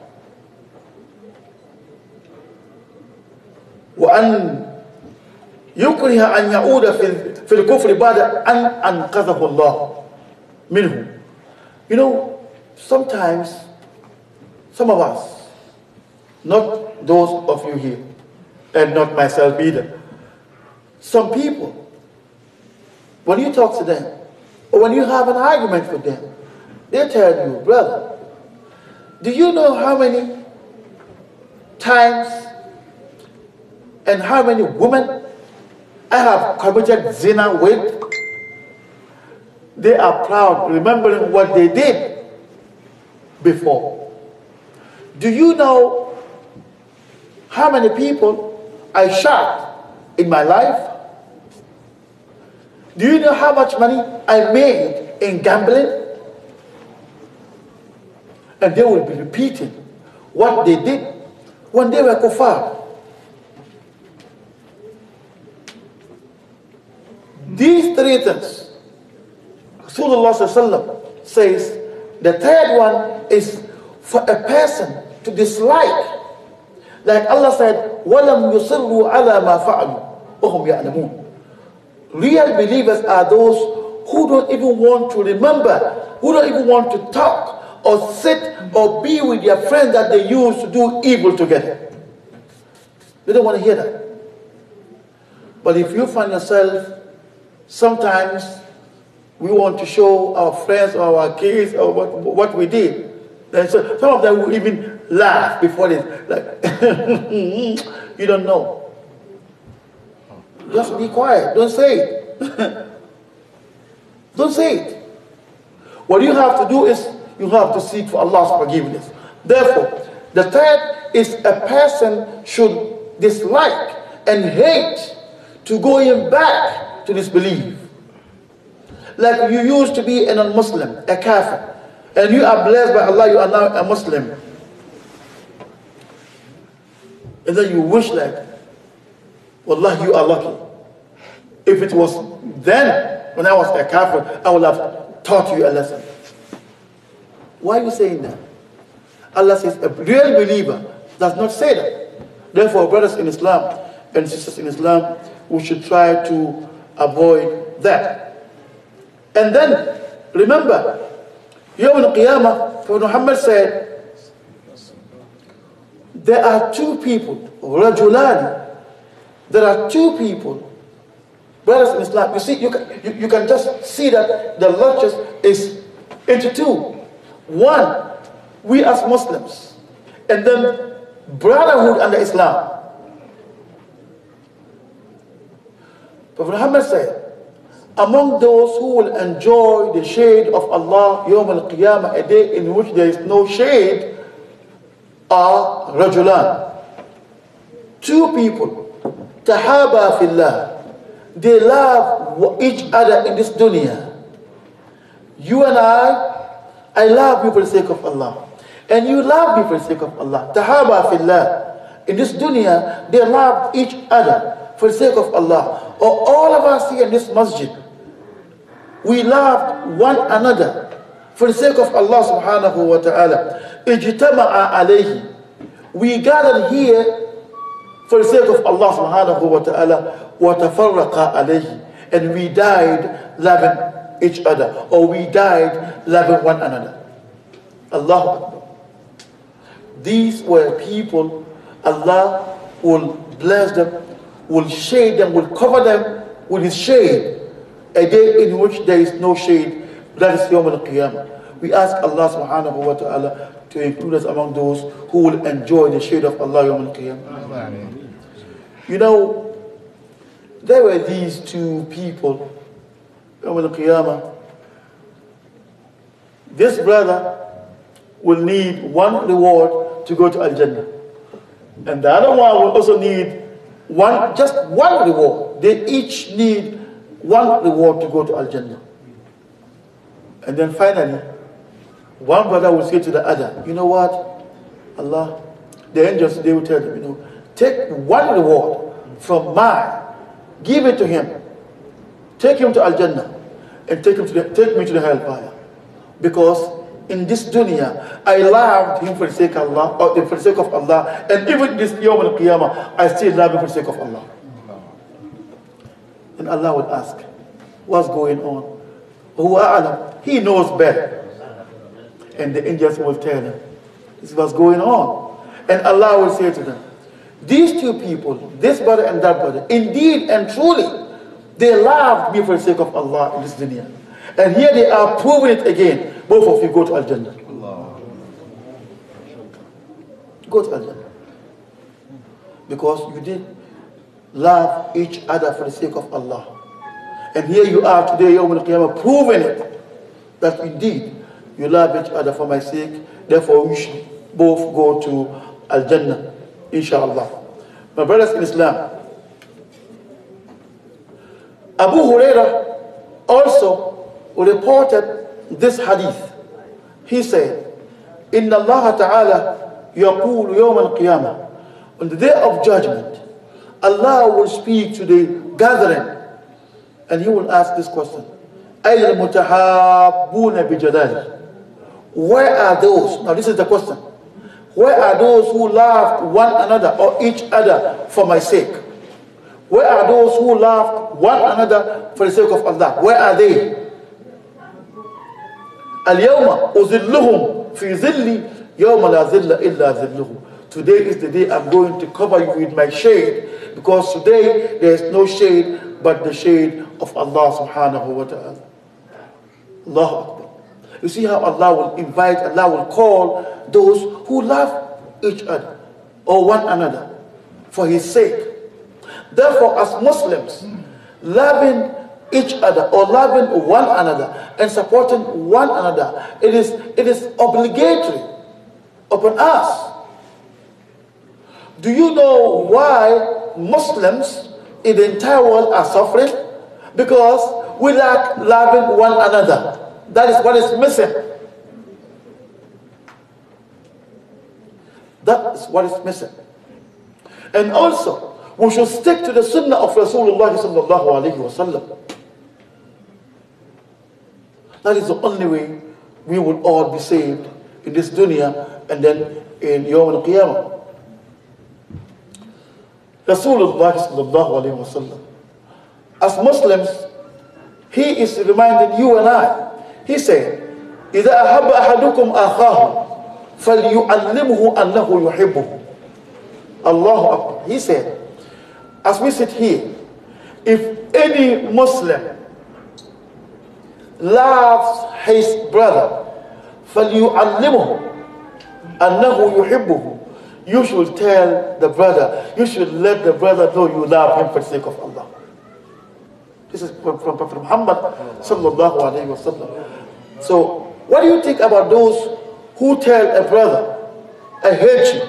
وأن يكره أن يعود في الكفر بعد أن أنقذه الله منه You know, sometimes some of us, not those of you here, and not myself either, some people, when you talk to them, or when you have an argument with them, they tell you, brother, do you know how many times and how many women I have committed zina with. They are proud, remembering what they did before. Do you know how many people I shot in my life? Do you know how much money I made in gambling? And they will be repeating what they did when they were kuffar. These three things, Rasulullah says, the third one is for a person to dislike. Like Allah said, وَلَمْ يُصِرُّوا عَلَى مَا فَعَلُوا وَهُمْ يَعْلَمُونَ Real believers are those who don't even want to remember, who don't even want to talk or sit or be with their friends that they used to do evil together. You don't want to hear that. But if you find yourself Sometimes we want to show our friends or our kids or what, what we did. And so some of them will even laugh before this. Like, you don't know. Just be quiet. Don't say it. don't say it. What you have to do is you have to seek for Allah's forgiveness. Therefore, the third is a person should dislike and hate to going back to disbelieve. Like you used to be a non-Muslim, a kafir, and you are blessed by Allah, you are now a Muslim. And then you wish like, Wallah, you are lucky. If it was then, when I was a kafir, I would have taught you a lesson. Why are you saying that? Allah says, a real believer does not say that. Therefore, brothers in Islam and sisters in Islam, we should try to avoid that. And then, remember, Yawm al-Qiyamah, Prophet Muhammad said, there are two people, Rajulani, there are two people, brothers in Islam. You see, you can, you, you can just see that the largest is into two. One, we as Muslims, and then brotherhood under Islam. Prophet Muhammad said, among those who will enjoy the shade of Allah Yom al-Qiyamah, a day in which there is no shade, are rajulan. Two people, tahaba fillah. They love each other in this dunya. You and I, I love you for the sake of Allah. And you love me for the sake of Allah. Tahaba fillah. In this dunya, they love each other for the sake of Allah or all of us here in this masjid, we loved one another for the sake of Allah subhanahu wa ta'ala. Ijtama'a alayhi. We gathered here for the sake of Allah subhanahu wa ta'ala. Watafarraqa alayhi. And we died loving each other. Or we died loving one another. Allahu These were people Allah will bless them will shade them, will cover them with his shade. A day in which there is no shade, that is Yawm al-Qiyamah. We ask Allah subhanahu wa ta'ala to include us among those who will enjoy the shade of Allah Yawm al-Qiyamah. You know, there were these two people, al-Qiyamah. This brother will need one reward to go to Al-Jannah. And the other one will also need one, just one reward. They each need one reward to go to Al Jannah. And then finally, one brother will say to the other, You know what? Allah, the angels, they will tell them, You know, take one reward from mine, give it to him, take him to Al Jannah, and take, him to the, take me to the hellfire. Because in this dunya, I loved him for the sake of Allah, or for the sake of Allah, and even this Yom al Qiyamah, I still love him for the sake of Allah. And Allah would ask, What's going on? Huwa Allah? He knows better. And the angels will tell him, This is what's going on. And Allah will say to them, These two people, this brother and that brother, indeed and truly, they loved me for the sake of Allah in this dunya. And here they are proving it again. Both of you go to Al Jannah. Go to Al Jannah. Because you did love each other for the sake of Allah. And here you are today, Yawm al Qiyamah, proving it that indeed you love each other for my sake. Therefore, we should both go to Al Jannah, inshallah. My brothers in Islam, Abu Huraira also reported this hadith. He said, إِنَّ اللَّهَ تَعَالَى يَقُولُ يَوْمَ الْقِيَامَةِ On the day of judgment, Allah will speak to the gathering and he will ask this question. أَيْنَ الْمُتَحَابُّونَ Where are those? Now this is the question. Where are those who love one another or each other for my sake? Where are those who love one another for the sake of Allah? Where are they? Al-yawma uzilluhum fi zilli yawma la zilla Today is the day I'm going to cover you with my shade because today there is no shade but the shade of Allah subhanahu wa ta'ala. Akbar. You see how Allah will invite, Allah will call those who love each other or one another for His sake. Therefore, as Muslims, loving each other or loving one another and supporting one another. It is, it is obligatory upon us. Do you know why Muslims in the entire world are suffering? Because we lack loving one another. That is what is missing. That is what is missing. And also, we should stick to the sunnah of Rasulullah sallallahu alayhi wa sallam. That is the only way we will all be saved in this dunya and then in Yawm al Qiyamah. Rasulullah sallallahu alayhi wasallam. As Muslims, he is reminding you and I. He said, إذا أحب أحدكم أخاه فليعلمه أنه يحبه. Allah Akbar. He said, as we sit here, if any Muslim loves his brother, فَلْيُعَلِّمُهُ أَنَّهُ يُحِبُّهُ You should tell the brother, you should let the brother know you love him for the sake of Allah. This is from Prophet Muhammad sallallahu alayhi wasallam. So, what do you think about those who tell a brother, I hate you?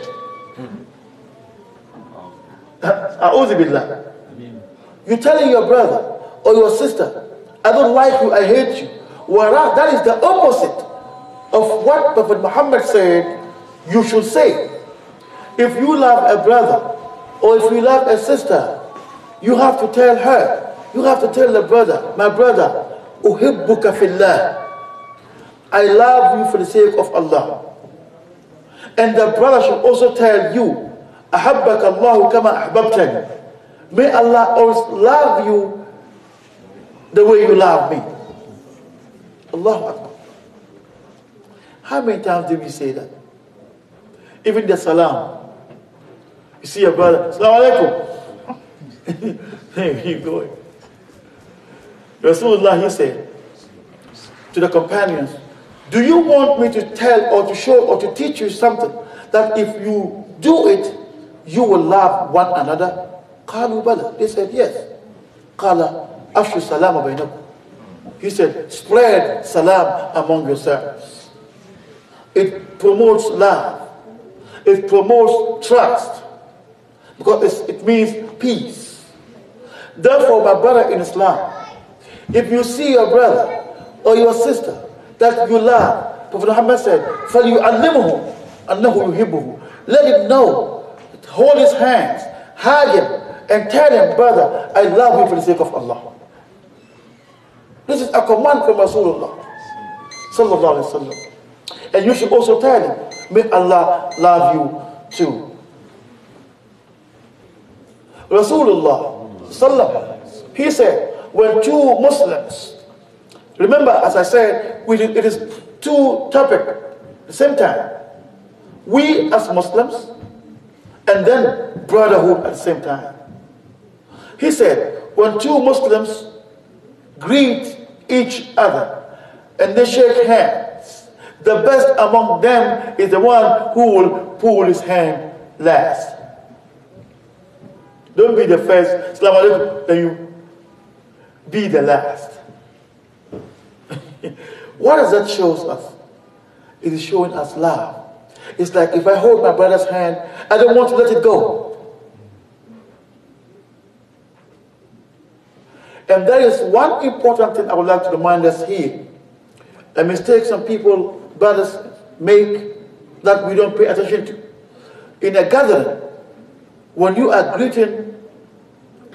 A'udhu billah. You're telling your brother or your sister, I don't like you, I hate you. Whereas that is the opposite of what Prophet Muhammad said you should say. If you love a brother or if you love a sister, you have to tell her, you have to tell the brother, my brother, uhibbuka fillah. I love you for the sake of Allah. And the brother should also tell you, ahabbaka Allahu kama ahbabtani. May Allah always love you the way you love me. Allah How many times did we say that? Even the salam. You see your brother, salam alaikum. there you go. Rasulullah, he said to the companions, Do you want me to tell or to show or to teach you something that if you do it, you will love one another? Qalu brother, They said, Yes. Qala Afshu salam baynakum. He said, spread salam among yourselves. It promotes love. It promotes trust. Because it means peace. Therefore, my brother in Islam, if you see your brother or your sister that you love, Prophet Muhammad said, فَلْيُعَلِّمُهُ أَنَّهُ يُحِبُّهُ Let him know, hold his hands, hug him, and tell him, brother, I love you for the sake of Allah. This is a command from Rasulullah. Sallallahu Alaihi Wasallam. And you should also tell him, may Allah love you too. Rasulullah Sallallahu he said, when two Muslims, remember as I said, it is two topic at the same time. We as Muslims and then brotherhood at the same time. He said, when two Muslims greet each other and they shake hands. The best among them is the one who will pull his hand last. Don't be the first. Salam alaikum. Then you be the last. what does that show us? It is showing us love. It's like if I hold my brother's hand, I don't want to let it go. And there is one important thing I would like to remind us here. A mistake some people, brothers, make that we don't pay attention to. In a gathering, when you are greeting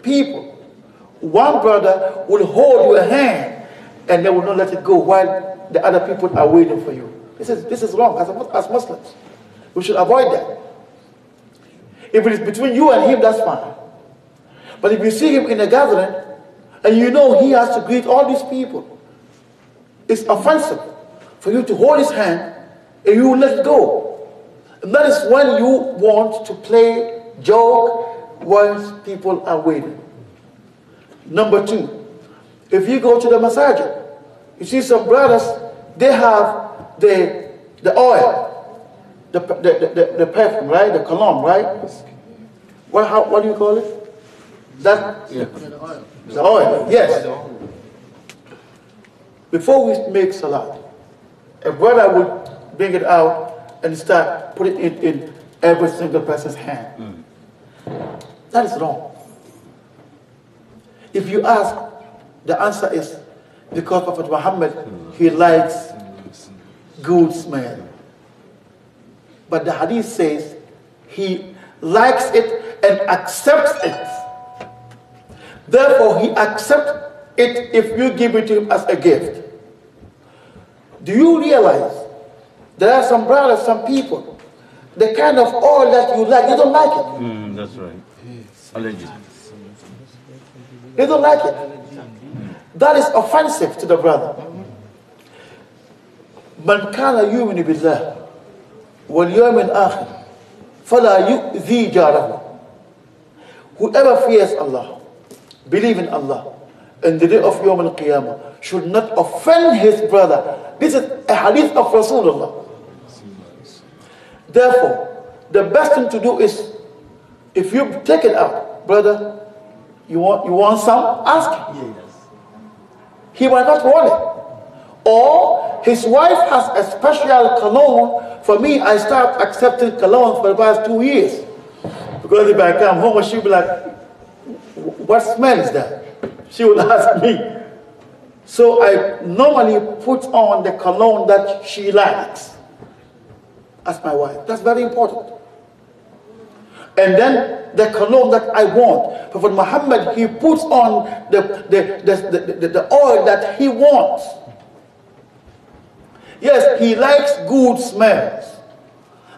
people, one brother will hold your hand and they will not let it go while the other people are waiting for you. This is, this is wrong as, as Muslims. We should avoid that. If it is between you and him, that's fine. But if you see him in a gathering and you know he has to greet all these people. It's offensive for you to hold his hand and you let it go. And that is when you want to play joke once people are waiting. Number two, if you go to the masajid, you see some brothers, they have the, the oil, the, the, the, the perfume, right? The cologne, right? What, how, what do you call it? That yeah. the oil. The oil, yes. Before we make salad, a brother would bring it out and start putting it in every single person's hand. Mm. That is wrong. If you ask, the answer is because Prophet Muhammad, mm. he likes good smell. Mm. But the hadith says he likes it and accepts it. Therefore, he accepts it if you give it to him as a gift. Do you realize there are some brothers, some people, the kind of oil that you like, you don't like it. Mm, that's right. Allergy. You don't like it. That is offensive to the brother. من كان يؤمن بالله واليوم الآخر فلا يؤذي جاره Whoever fears Allah believe in Allah in the day of Yom al Qiyamah should not offend his brother. This is a hadith of Rasulullah. Therefore, the best thing to do is if you take it out, brother, you want, you want some? Ask him. He might not want it. Or his wife has a special cologne. For me, I start accepting cologne for the past two years. Because if I come home, she'll be like, what smells there? She will ask me. So I normally put on the cologne that she likes. Ask my wife. That's very important. And then the cologne that I want. Prophet Muhammad, he puts on the, the, the, the, the oil that he wants. Yes, he likes good smells.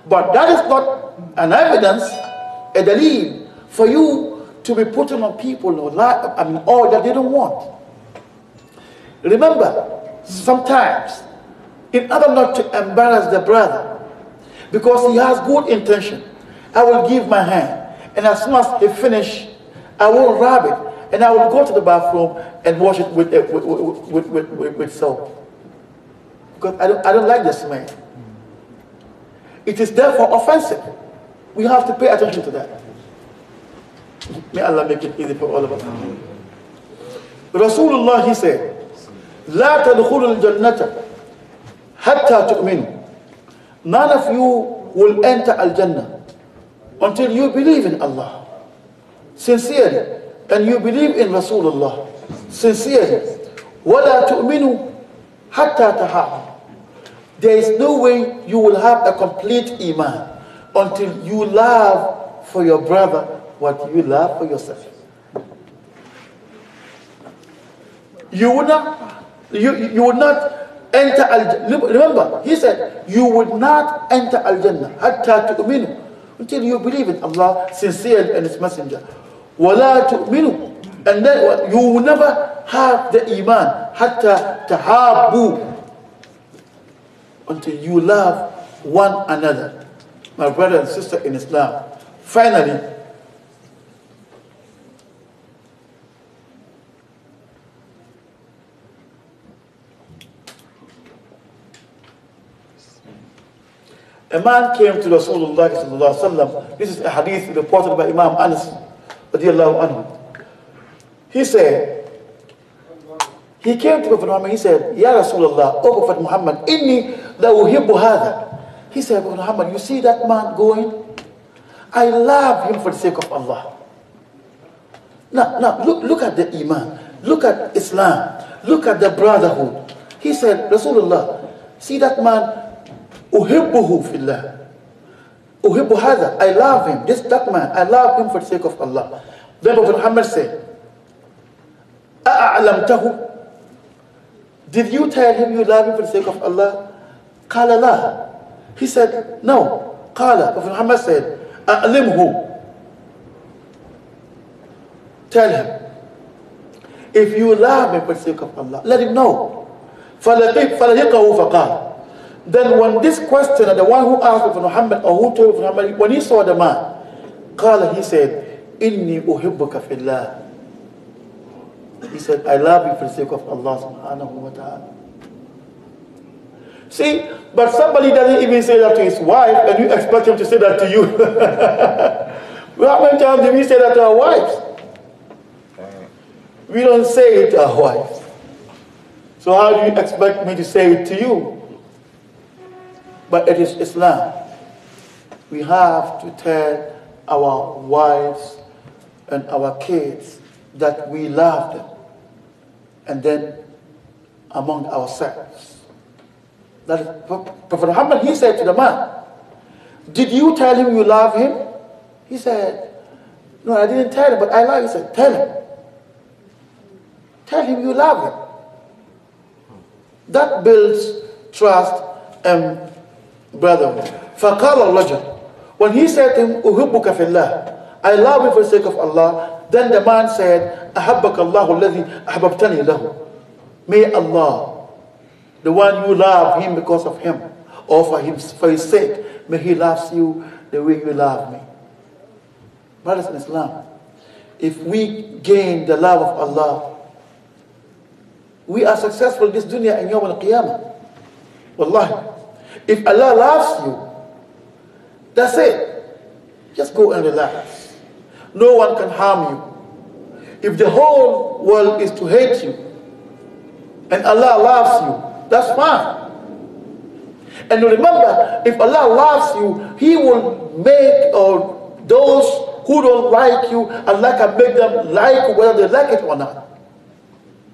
But that is not an evidence, a delil for you to be putting on people, Lord, I mean, all that they don't want. Remember, sometimes, in order not to embarrass the brother, because he has good intention, I will give my hand, and as soon as he finishes, I will rub it, and I will go to the bathroom and wash it with, with, with, with, with soap. Because I don't, I don't like this man. It is therefore offensive. We have to pay attention to that. May Allah make it easy for all of us. Rasulullah, he said, لا تدخل الجنة حتى تؤمن." None of you will enter Al-Jannah until you believe in Allah. Sincerely. And you believe in Rasulullah. Sincerely. وَلَا تؤمن حَتَّى تَحَابُوا There is no way you will have a complete iman until you love for your brother what you love for yourself. You would not, you, you would not enter al Remember, he said, you would not enter al Jannah hatta until you believe in Allah sincerely and His Messenger. Wala tu'minu, and then you will never have the iman hatta tahabu until you love one another. My brother and sister in Islam. Finally, A man came to Rasulullah sallallahu sallam. This is a hadith reported by Imam Anas radiallahu anhu. He said, he came to Prophet Muhammad, he said, Ya Rasulullah, O Prophet Muhammad, inni la uhibbu hadha. He said, Prophet Muhammad, you see that man going? I love him for the sake of Allah. Now, now look, look at the Iman. Look at Islam. Look at the brotherhood. He said, Rasulullah, see that man, أحبه في الله أحب هذا I love him this that man I love him for the sake of Allah then Prophet Muhammad said أعلمته did you tell him you love him for the sake of Allah قال لا he said no قال Prophet Muhammad said أعلمه tell him if you love him for the sake of Allah let him know فلقيه فلقيه فقال Then when this questioner, the one who asked of Muhammad or who told Muhammad, when he saw the man, قال, he said, Inni uhibbuka fillah. He said, I love you for the sake of Allah subhanahu wa ta'ala. See, but somebody doesn't even say that to his wife, and you expect him to say that to you. How many times do we say that to our wives? We don't say it to our wives. So how do you expect me to say it to you? But it is Islam. We have to tell our wives and our kids that we love them. And then among ourselves. That is, Prophet Muhammad, he said to the man, Did you tell him you love him? He said, No, I didn't tell him, but I love him. He said, Tell him. Tell him you love him. That builds trust and brother. فَقَالَ الرَّجَلُ When he said to him, أُحِبُّكَ فِي اللَّهِ I love you for the sake of Allah. Then the man said, أَحَبَّكَ اللَّهُ الَّذِي أَحْبَبْتَنِي لَهُ May Allah, the one you love him because of him, or for, him, for his sake, may he loves you the way you love me. Brothers in Islam, if we gain the love of Allah, we are successful this dunya and yawm al-qiyamah. Wallahi. If Allah loves you, that's it. Just go and relax. No one can harm you. If the whole world is to hate you and Allah loves you, that's fine. And remember, if Allah loves you, He will make or uh, those who don't like you, Allah can make them like you whether they like it or not.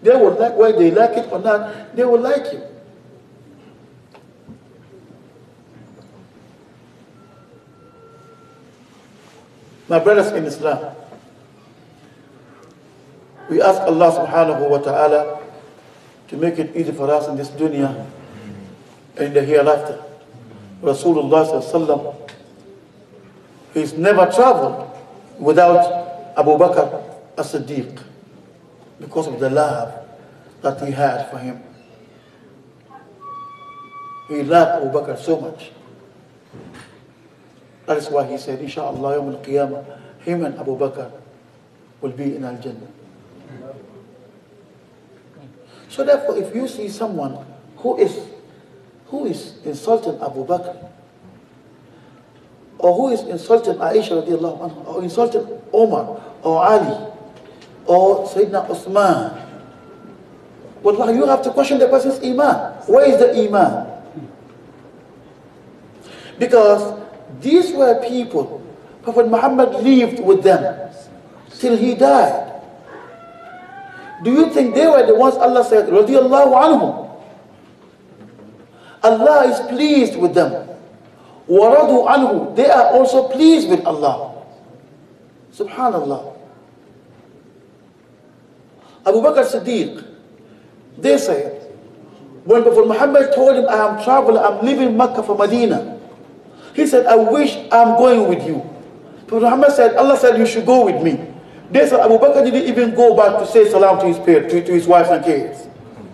They will like whether they like it or not, they will like you. My brothers in Islam, we ask Allah subhanahu wa ta'ala to make it easy for us in this dunya and in the hereafter. Rasulullah sallam, he's never traveled without Abu Bakr as-Siddiq because of the love that he had for him. He loved Abu Bakr so much. That is why he said, Inshallah, Yawm al Qiyamah, him and Abu Bakr will be in Al Jannah. So therefore, if you see someone who is, who is insulting Abu Bakr, or who is insulting Aisha radiallahu anhu, or insulting Omar, or Ali, or Sayyidina Uthman, well, you have to question the person's iman. Where is the iman? Because these were people Prophet Muhammad lived with them till he died. Do you think they were the ones Allah said, radiallahu anhum? Allah is pleased with them. Waradu anhu, they are also pleased with Allah. Subhanallah. Abu Bakr Siddiq, they said, when Prophet Muhammad told him, I am traveling, I'm leaving Mecca for Medina. He said, I wish I'm going with you. But Muhammad said, Allah said, you should go with me. They said, Abu Bakr didn't even go back to say salam to his parents, to, to his wives and kids.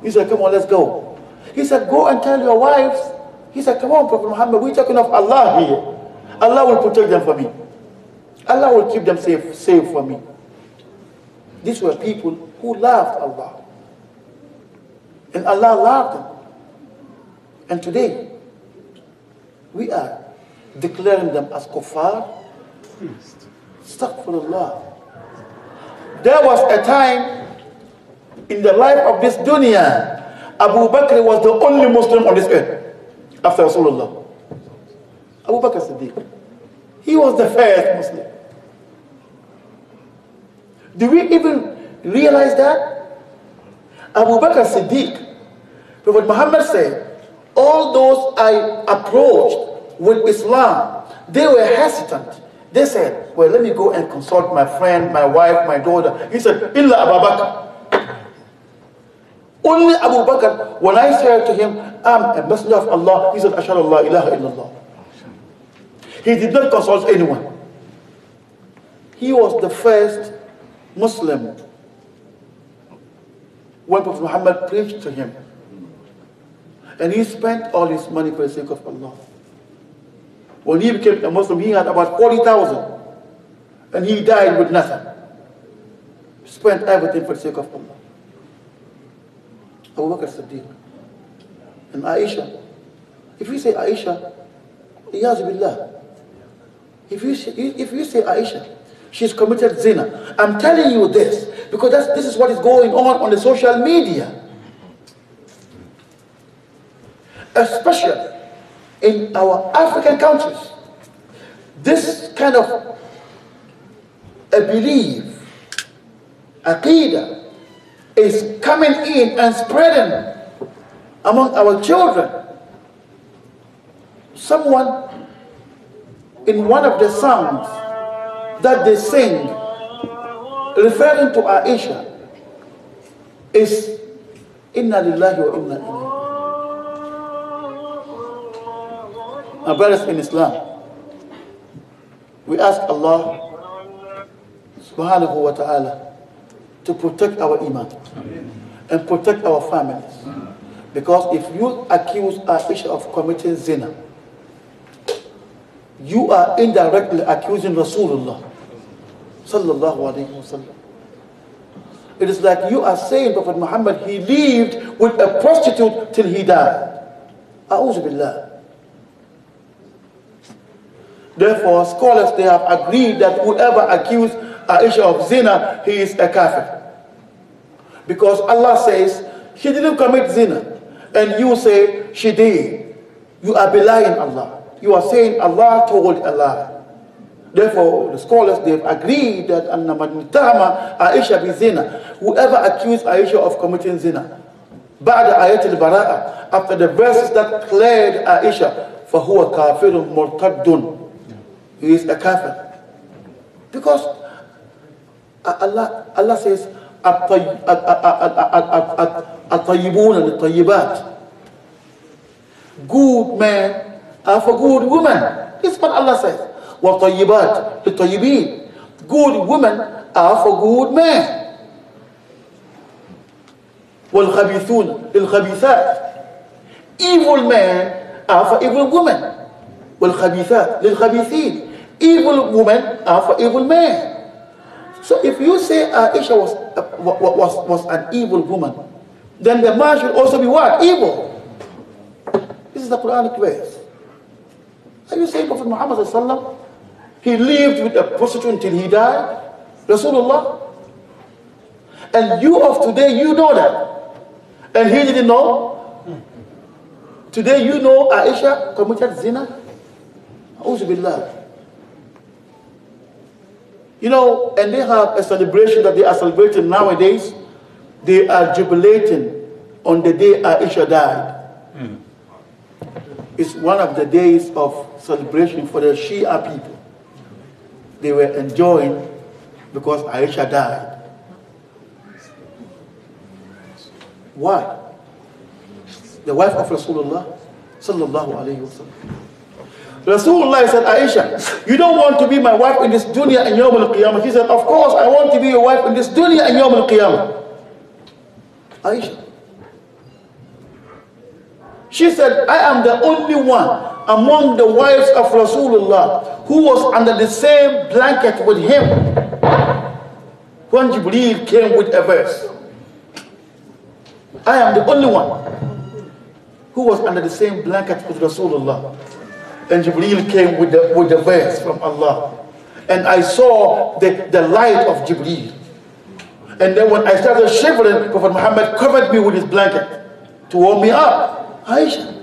He said, come on, let's go. He said, go and tell your wives. He said, come on, Prophet Muhammad, we're talking of Allah here. Allah will protect them for me. Allah will keep them safe, safe for me. These were people who loved Allah. And Allah loved them. And today, we are declaring them as kuffar? Astaghfirullah. There was a time in the life of this dunya, Abu Bakr was the only Muslim on this earth after Rasulullah. Abu Bakr Siddiq. He was the first Muslim. Do we even realize that? Abu Bakr Siddiq, Prophet Muhammad said, all those I approached with Islam, they were hesitant. They said, well, let me go and consult my friend, my wife, my daughter. He said, Illa Abu Bakr. Only Abu Bakr, when I said to him, I'm a messenger of Allah, he said, Ashadu Allah, ilaha illallah. He did not consult anyone. He was the first Muslim when Prophet Muhammad preached to him. And he spent all his money for the sake of Allah. When he became a Muslim, he had about 40,000. And he died with nothing. Spent everything for the sake of Allah. Abu Bakr Siddiq. And Aisha. If you say Aisha, Iyaz Billah. If you, say, if you say Aisha, she's committed zina. I'm telling you this because this is what is going on on the social media. Especially in our African countries, this kind of a belief, aqidah, is coming in and spreading among our children. Someone in one of the songs that they sing, referring to Aisha, is Inna lillahi wa inna My brothers in Islam, we ask Allah subhanahu wa ta'ala to protect our iman and protect our families. Because if you accuse Aisha of committing zina, you are indirectly accusing Rasulullah sallallahu alayhi wasallam. It is like you are saying Prophet Muhammad, he lived with a prostitute till he died. A'udhu billah. Therefore, scholars, they have agreed that whoever accused Aisha of zina, he is a kafir. Because Allah says, she didn't commit zina. And you say, she did. You are belying Allah. You are saying Allah told Allah. Therefore, the scholars, they've agreed that Annamadmitama Aisha bi zina. Whoever accused Aisha of committing zina. بعد آيات البراءة after the verses that cleared Aisha فهو كافر مرتد he is a kafir. Because uh, Allah, Allah says, الطيبون للطيبات Good man are for good women. This is what Allah says. وطيبات للطيبين Good women are for good men. والخبيثون للخبيثات Evil men are for evil women. والخبيثات للخبيثين evil woman, are for evil man. So if you say uh, Aisha was, uh, was, was an evil woman, then the man should also be what? Evil. This is the Quranic verse. Are you saying Prophet Muhammad sallam, he lived with a prostitute until he died? Rasulullah? And you of today, you know that. And he didn't know. Today you know Aisha committed zina. loved? You know, and they have a celebration that they are celebrating nowadays. They are jubilating on the day Aisha died. Mm. It's one of the days of celebration for the Shia people. They were enjoying because Aisha died. Why? The wife of Rasulullah sallallahu alayhi wa sallam. Rasulullah said, Aisha, you don't want to be my wife in this dunya and yawm al-qiyamah. She said, of course I want to be your wife in this dunya and yawm al-qiyamah. Aisha. She said, I am the only one among the wives of Rasulullah who was under the same blanket with him when Jibreel came with a verse. I am the only one who was under the same blanket with Rasulullah. And Jibreel came with the, with the verse from Allah. And I saw the, the light of Jibreel. And then when I started shivering, Prophet Muhammad covered me with his blanket to warm me up. Aisha.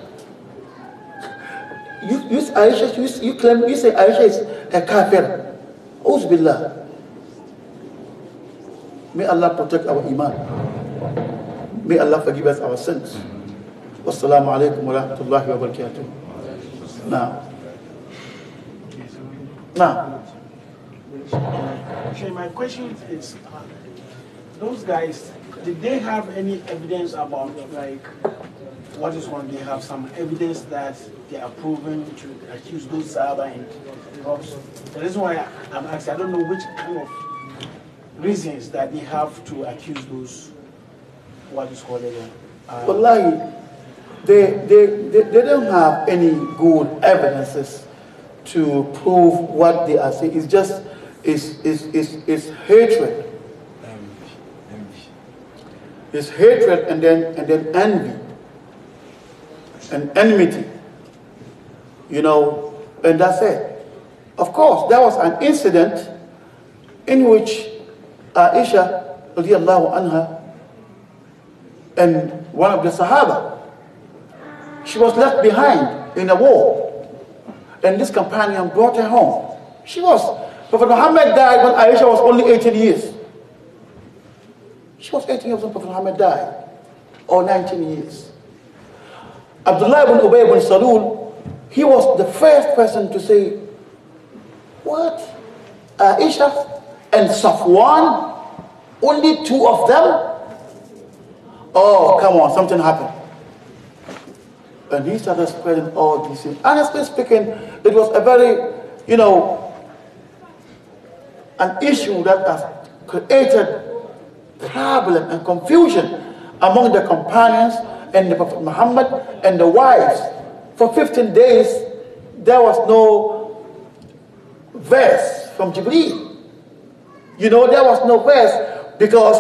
You, you, Aisha, you, you claim, you say Aisha is a kafir. Uzbillah. May Allah protect our iman. May Allah forgive us our sins. Wassalamu alaikum wa rahmatullahi wa barakatuh. Now, now. Okay, my question is, those guys, did they have any evidence about like what is one? They have some evidence that they are proven to accuse those Sahaba and Robs. The reason why I'm asking, I don't know which kind of reasons that they have to accuse those what is called. Uh, they, they, they, they don't have any good evidences to prove what they are saying. It's just it's, it's, it's, it's hatred. Envy. Envy. It's hatred and then, and then envy and enmity. You know, and that's it. Of course, there was an incident in which Aisha radiallahu anha and one of the Sahaba she was left behind in a war. And this companion brought her home. She was. Prophet Muhammad died when Aisha was only 18 years. She was 18 years when Prophet Muhammad died, or 19 years. Abdullah ibn Ubay ibn Salul, he was the first person to say, What? Aisha and Safwan? Only two of them? Oh, come on, something happened. And he started spreading all these things. Honestly speaking, it was a very, you know, an issue that has created problem and confusion among the companions and the Prophet Muhammad and the wives. For 15 days, there was no verse from Jibreel. You know, there was no verse because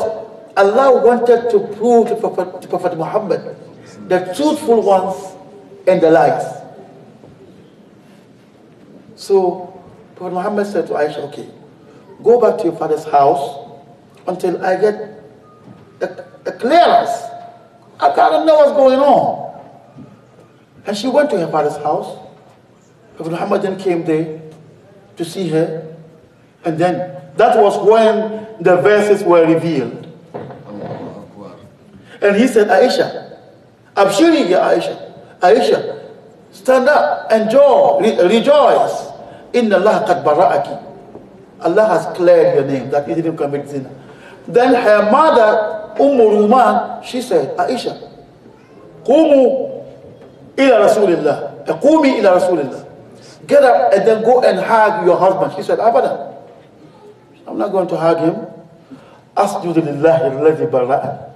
Allah wanted to prove to Prophet, to Prophet Muhammad the truthful ones and the likes. So Prophet Muhammad said to Aisha, okay, go back to your father's house until I get a, a clearance. I gotta know what's going on. And she went to her father's house. Prophet Muhammad then came there to see her. And then that was when the verses were revealed. And he said, Aisha, I'm shooting you, Aisha, Aisha, stand up and joy, re rejoice. in Allah qad bara'aki. Allah has cleared your name that you didn't commit sin. Then her mother, Umm Ruman, she said, Aisha, Qumu ila Rasulillah. Qumi ila Rasulillah. Get up and then go and hug your husband. She said, Abada. I'm not going to hug him. Asjudu lillahi alladhi bara'ani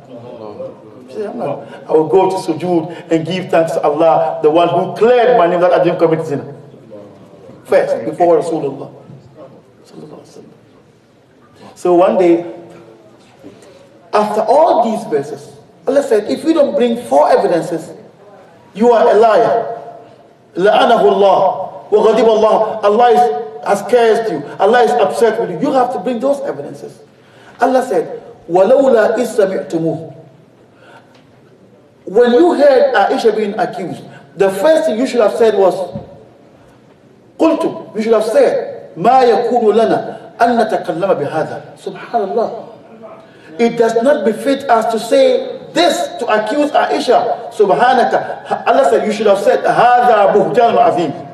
say, I'm not. I will go to sujood and give thanks to Allah, the one who cleared my name that I didn't commit sin. First, before Rasulullah. So one day, after all these verses, Allah said, if you don't bring four evidences, you are a liar. La Wa وَغَضِبَ اللَّهُ Allah is, has cursed you. Allah is upset with you. You have to bring those evidences. Allah said, وَلَوْلَا إِسْ سَمِعْتُمُوهُ when you heard Aisha uh, being accused, the first thing you should have said was, قلت, you should have said, ما يكون لنا أن bihada.'" Subhanallah. It does not befit us to say this to accuse Aisha. Subhanaka. Allah said, you should have said, هذا بهتان عظيم.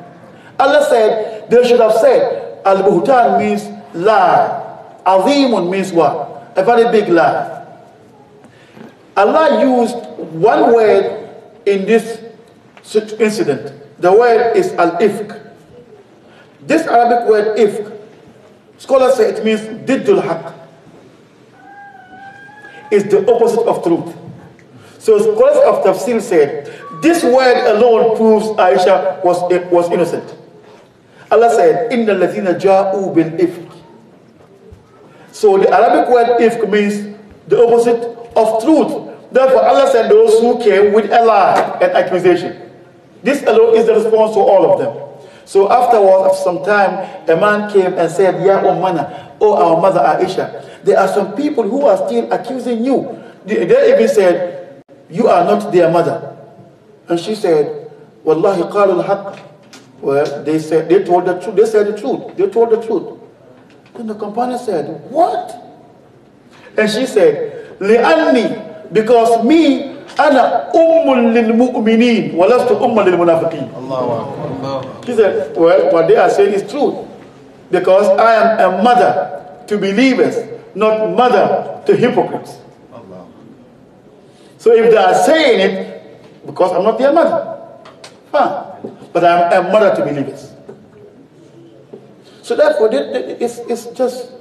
Allah said, they should have said, al-buhtan means lie. Azimun means what? A very big lie. Allah used one word in this incident. The word is al-ifk. This Arabic word ifk, scholars say it means diddul haq. It's the opposite of truth. So scholars of tafsir said, this word alone proves Aisha was, eh, was innocent. Allah said, Inna ladina ja'u bil ifk. So the Arabic word ifk means the opposite of truth. Therefore, Allah sent those who came with a lie and accusation. This alone is the response to all of them. So afterwards, after some time, a man came and said, Ya Ummana, O our mother Aisha, there are some people who are still accusing you. They, they even said, You are not their mother. And she said, Wallahi qalul haqq. Well, they said they told the truth. They said the truth. They told the truth. And the companion said, What? And she said, لأني because me أنا أم للمؤمنين ولست أم للمنافقين الله He said, well, what they are saying is true. Because I am a mother to believers, not mother to hypocrites. Allah. So if they are saying it, because I'm not their mother. huh? But I'm a mother to believers. So therefore, it's, it's just,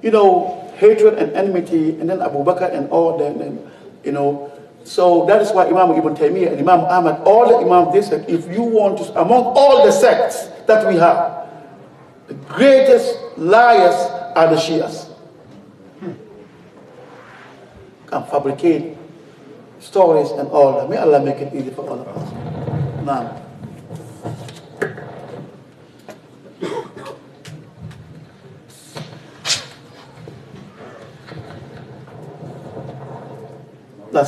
you know, hatred and enmity, and then Abu Bakr and all them, and, you know. So that is why Imam Ibn Taymiyyah and Imam Ahmad, all the Imam, they said, if you want to, among all the sects that we have, the greatest liars are the Shias. Hmm. Can fabricate stories and all that. May Allah make it easy for all of us. Now. Now,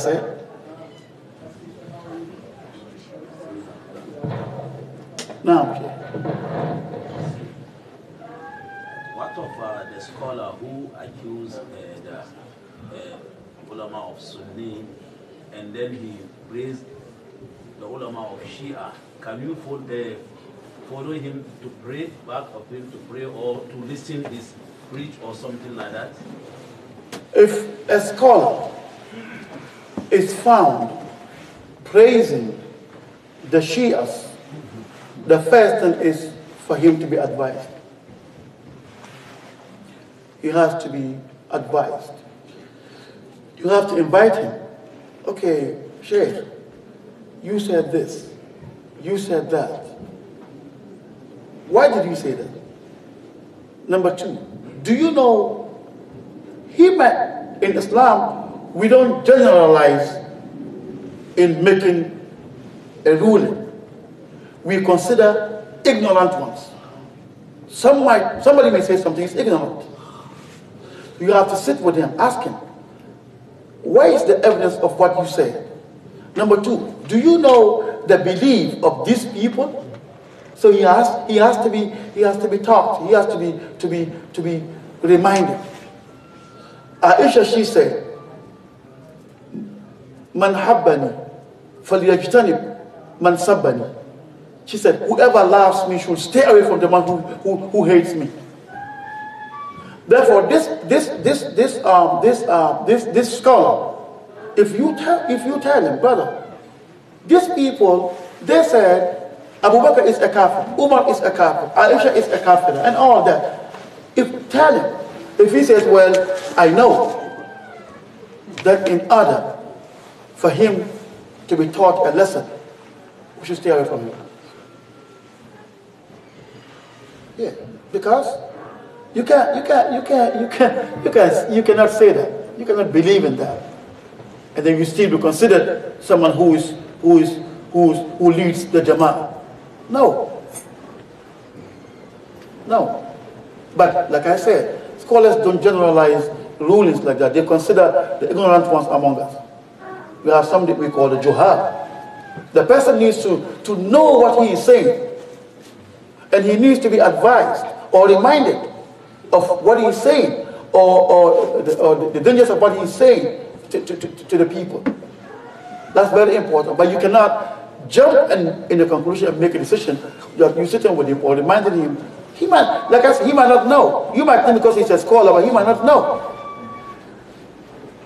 what of uh, the scholar who accused uh, the uh, ulama of Sunni and then he praised the ulama of Shia? Can you follow, uh, follow him to pray, back of him to pray, or to listen his preach or something like that? If a scholar is found praising the Shias, the first thing is for him to be advised. He has to be advised. You have to invite him. Okay, Sheikh, you said this. You said that. Why did you say that? Number two, do you know he might, in Islam, we don't generalize in making a ruling. We consider ignorant ones. Some might, somebody may say something is ignorant. You have to sit with him, ask him, where is the evidence of what you say? Number two, do you know the belief of these people? So he has, he has to be he has to be taught. He has to be to be to be reminded. Aisha she said, Man habbani falyajtanib man sabbani. She said, whoever loves me should stay away from the man who, who, who hates me. Therefore, this this this this um this uh this this scholar, if you tell if you tell him, brother, these people they said Abu Bakr is a kafir, Umar is a kafir, Aisha is a kafir, and all that. If tell him, if he says, well, I know that in other, for him to be taught a lesson. We should stay away from him. Yeah, because you can not you can not you can not you can you can you cannot say that. You cannot believe in that. And then you still be considered someone who is who is who is who leads the Jama'ah. No. No. But like I said, scholars don't generalize rulings like that. They consider the ignorant ones among us. We have something we call the johar. The person needs to, to know what he is saying. And he needs to be advised or reminded of what he is saying or, or, the, or the dangers of what he is saying to, to, to the people. That's very important. But you cannot jump and in the conclusion and make a decision that you sit with him or reminded him. He might, like I said, he might not know. You might think because he's a scholar, but he might not know.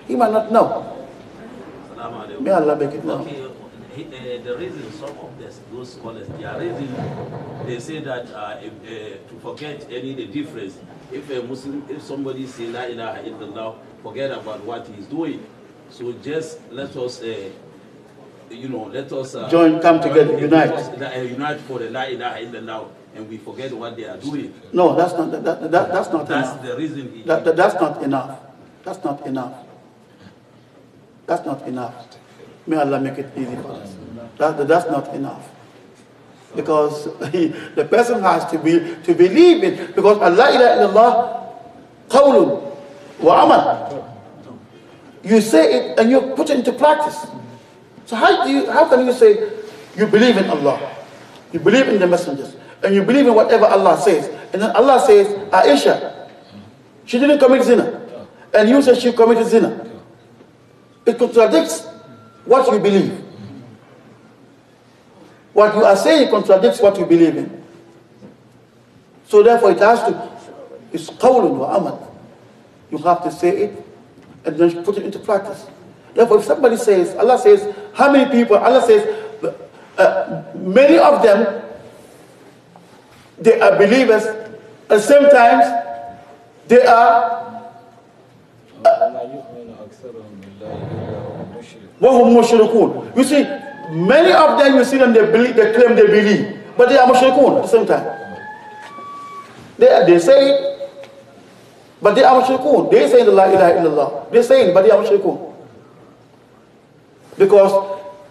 He might not know. May Allah make it okay. He, uh, the reason some of this, those scholars the reason they say that uh, if, uh, to forget any the difference, if a Muslim, if somebody say La ilaha illallah, forget about what he's doing. So just let us, eh, you know, let us uh, join, come together, unite, unite for the La ilaha illallah. And we forget what they are doing. No, that's not that, that, that's not that's enough. That's the reason. That, that, that's not enough. That's not enough. That's not enough. May Allah make it easy for us. That, that's not enough. Because he, the person has to be to believe it. Because Allah ilaha illallah qawlun wa amal. You say it and you put it into practice. So how do you how can you say you believe in Allah? You believe in the messengers and you believe in whatever Allah says. And then Allah says, Aisha, she didn't commit zina. And you say she committed zina. It contradicts what we believe. What you are saying contradicts what you believe in. So therefore it has to, it's qawlun wa amal. You have to say it and then put it into practice. Therefore if somebody says, Allah says, how many people, Allah says, uh, many of them, they are believers and sometimes they are uh, Wahum mushrikun. You see, many of them, you see them, they believe, they claim they believe, but they are mushrikun at the same time. They, they say but they are mushrikun. They say the la ilaha illallah. They say but they are mushrikun. Because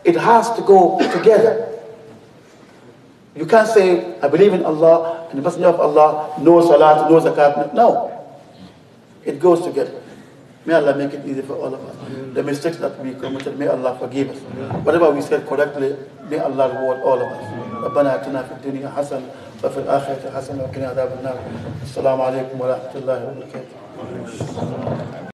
it has to go together. You can't say, I believe in Allah and the Messenger of Allah, no salat, no zakat. No. It goes together. May Allah make it easy for all of us. Amen. The mistakes that we committed, may Allah forgive us. Amen. Whatever we said correctly, may Allah reward all of us. ربنا اتنا في الدنيا حسنه وفي الاخره حسنه وقنا عذاب النار. السلام عليكم ورحمه الله وبركاته.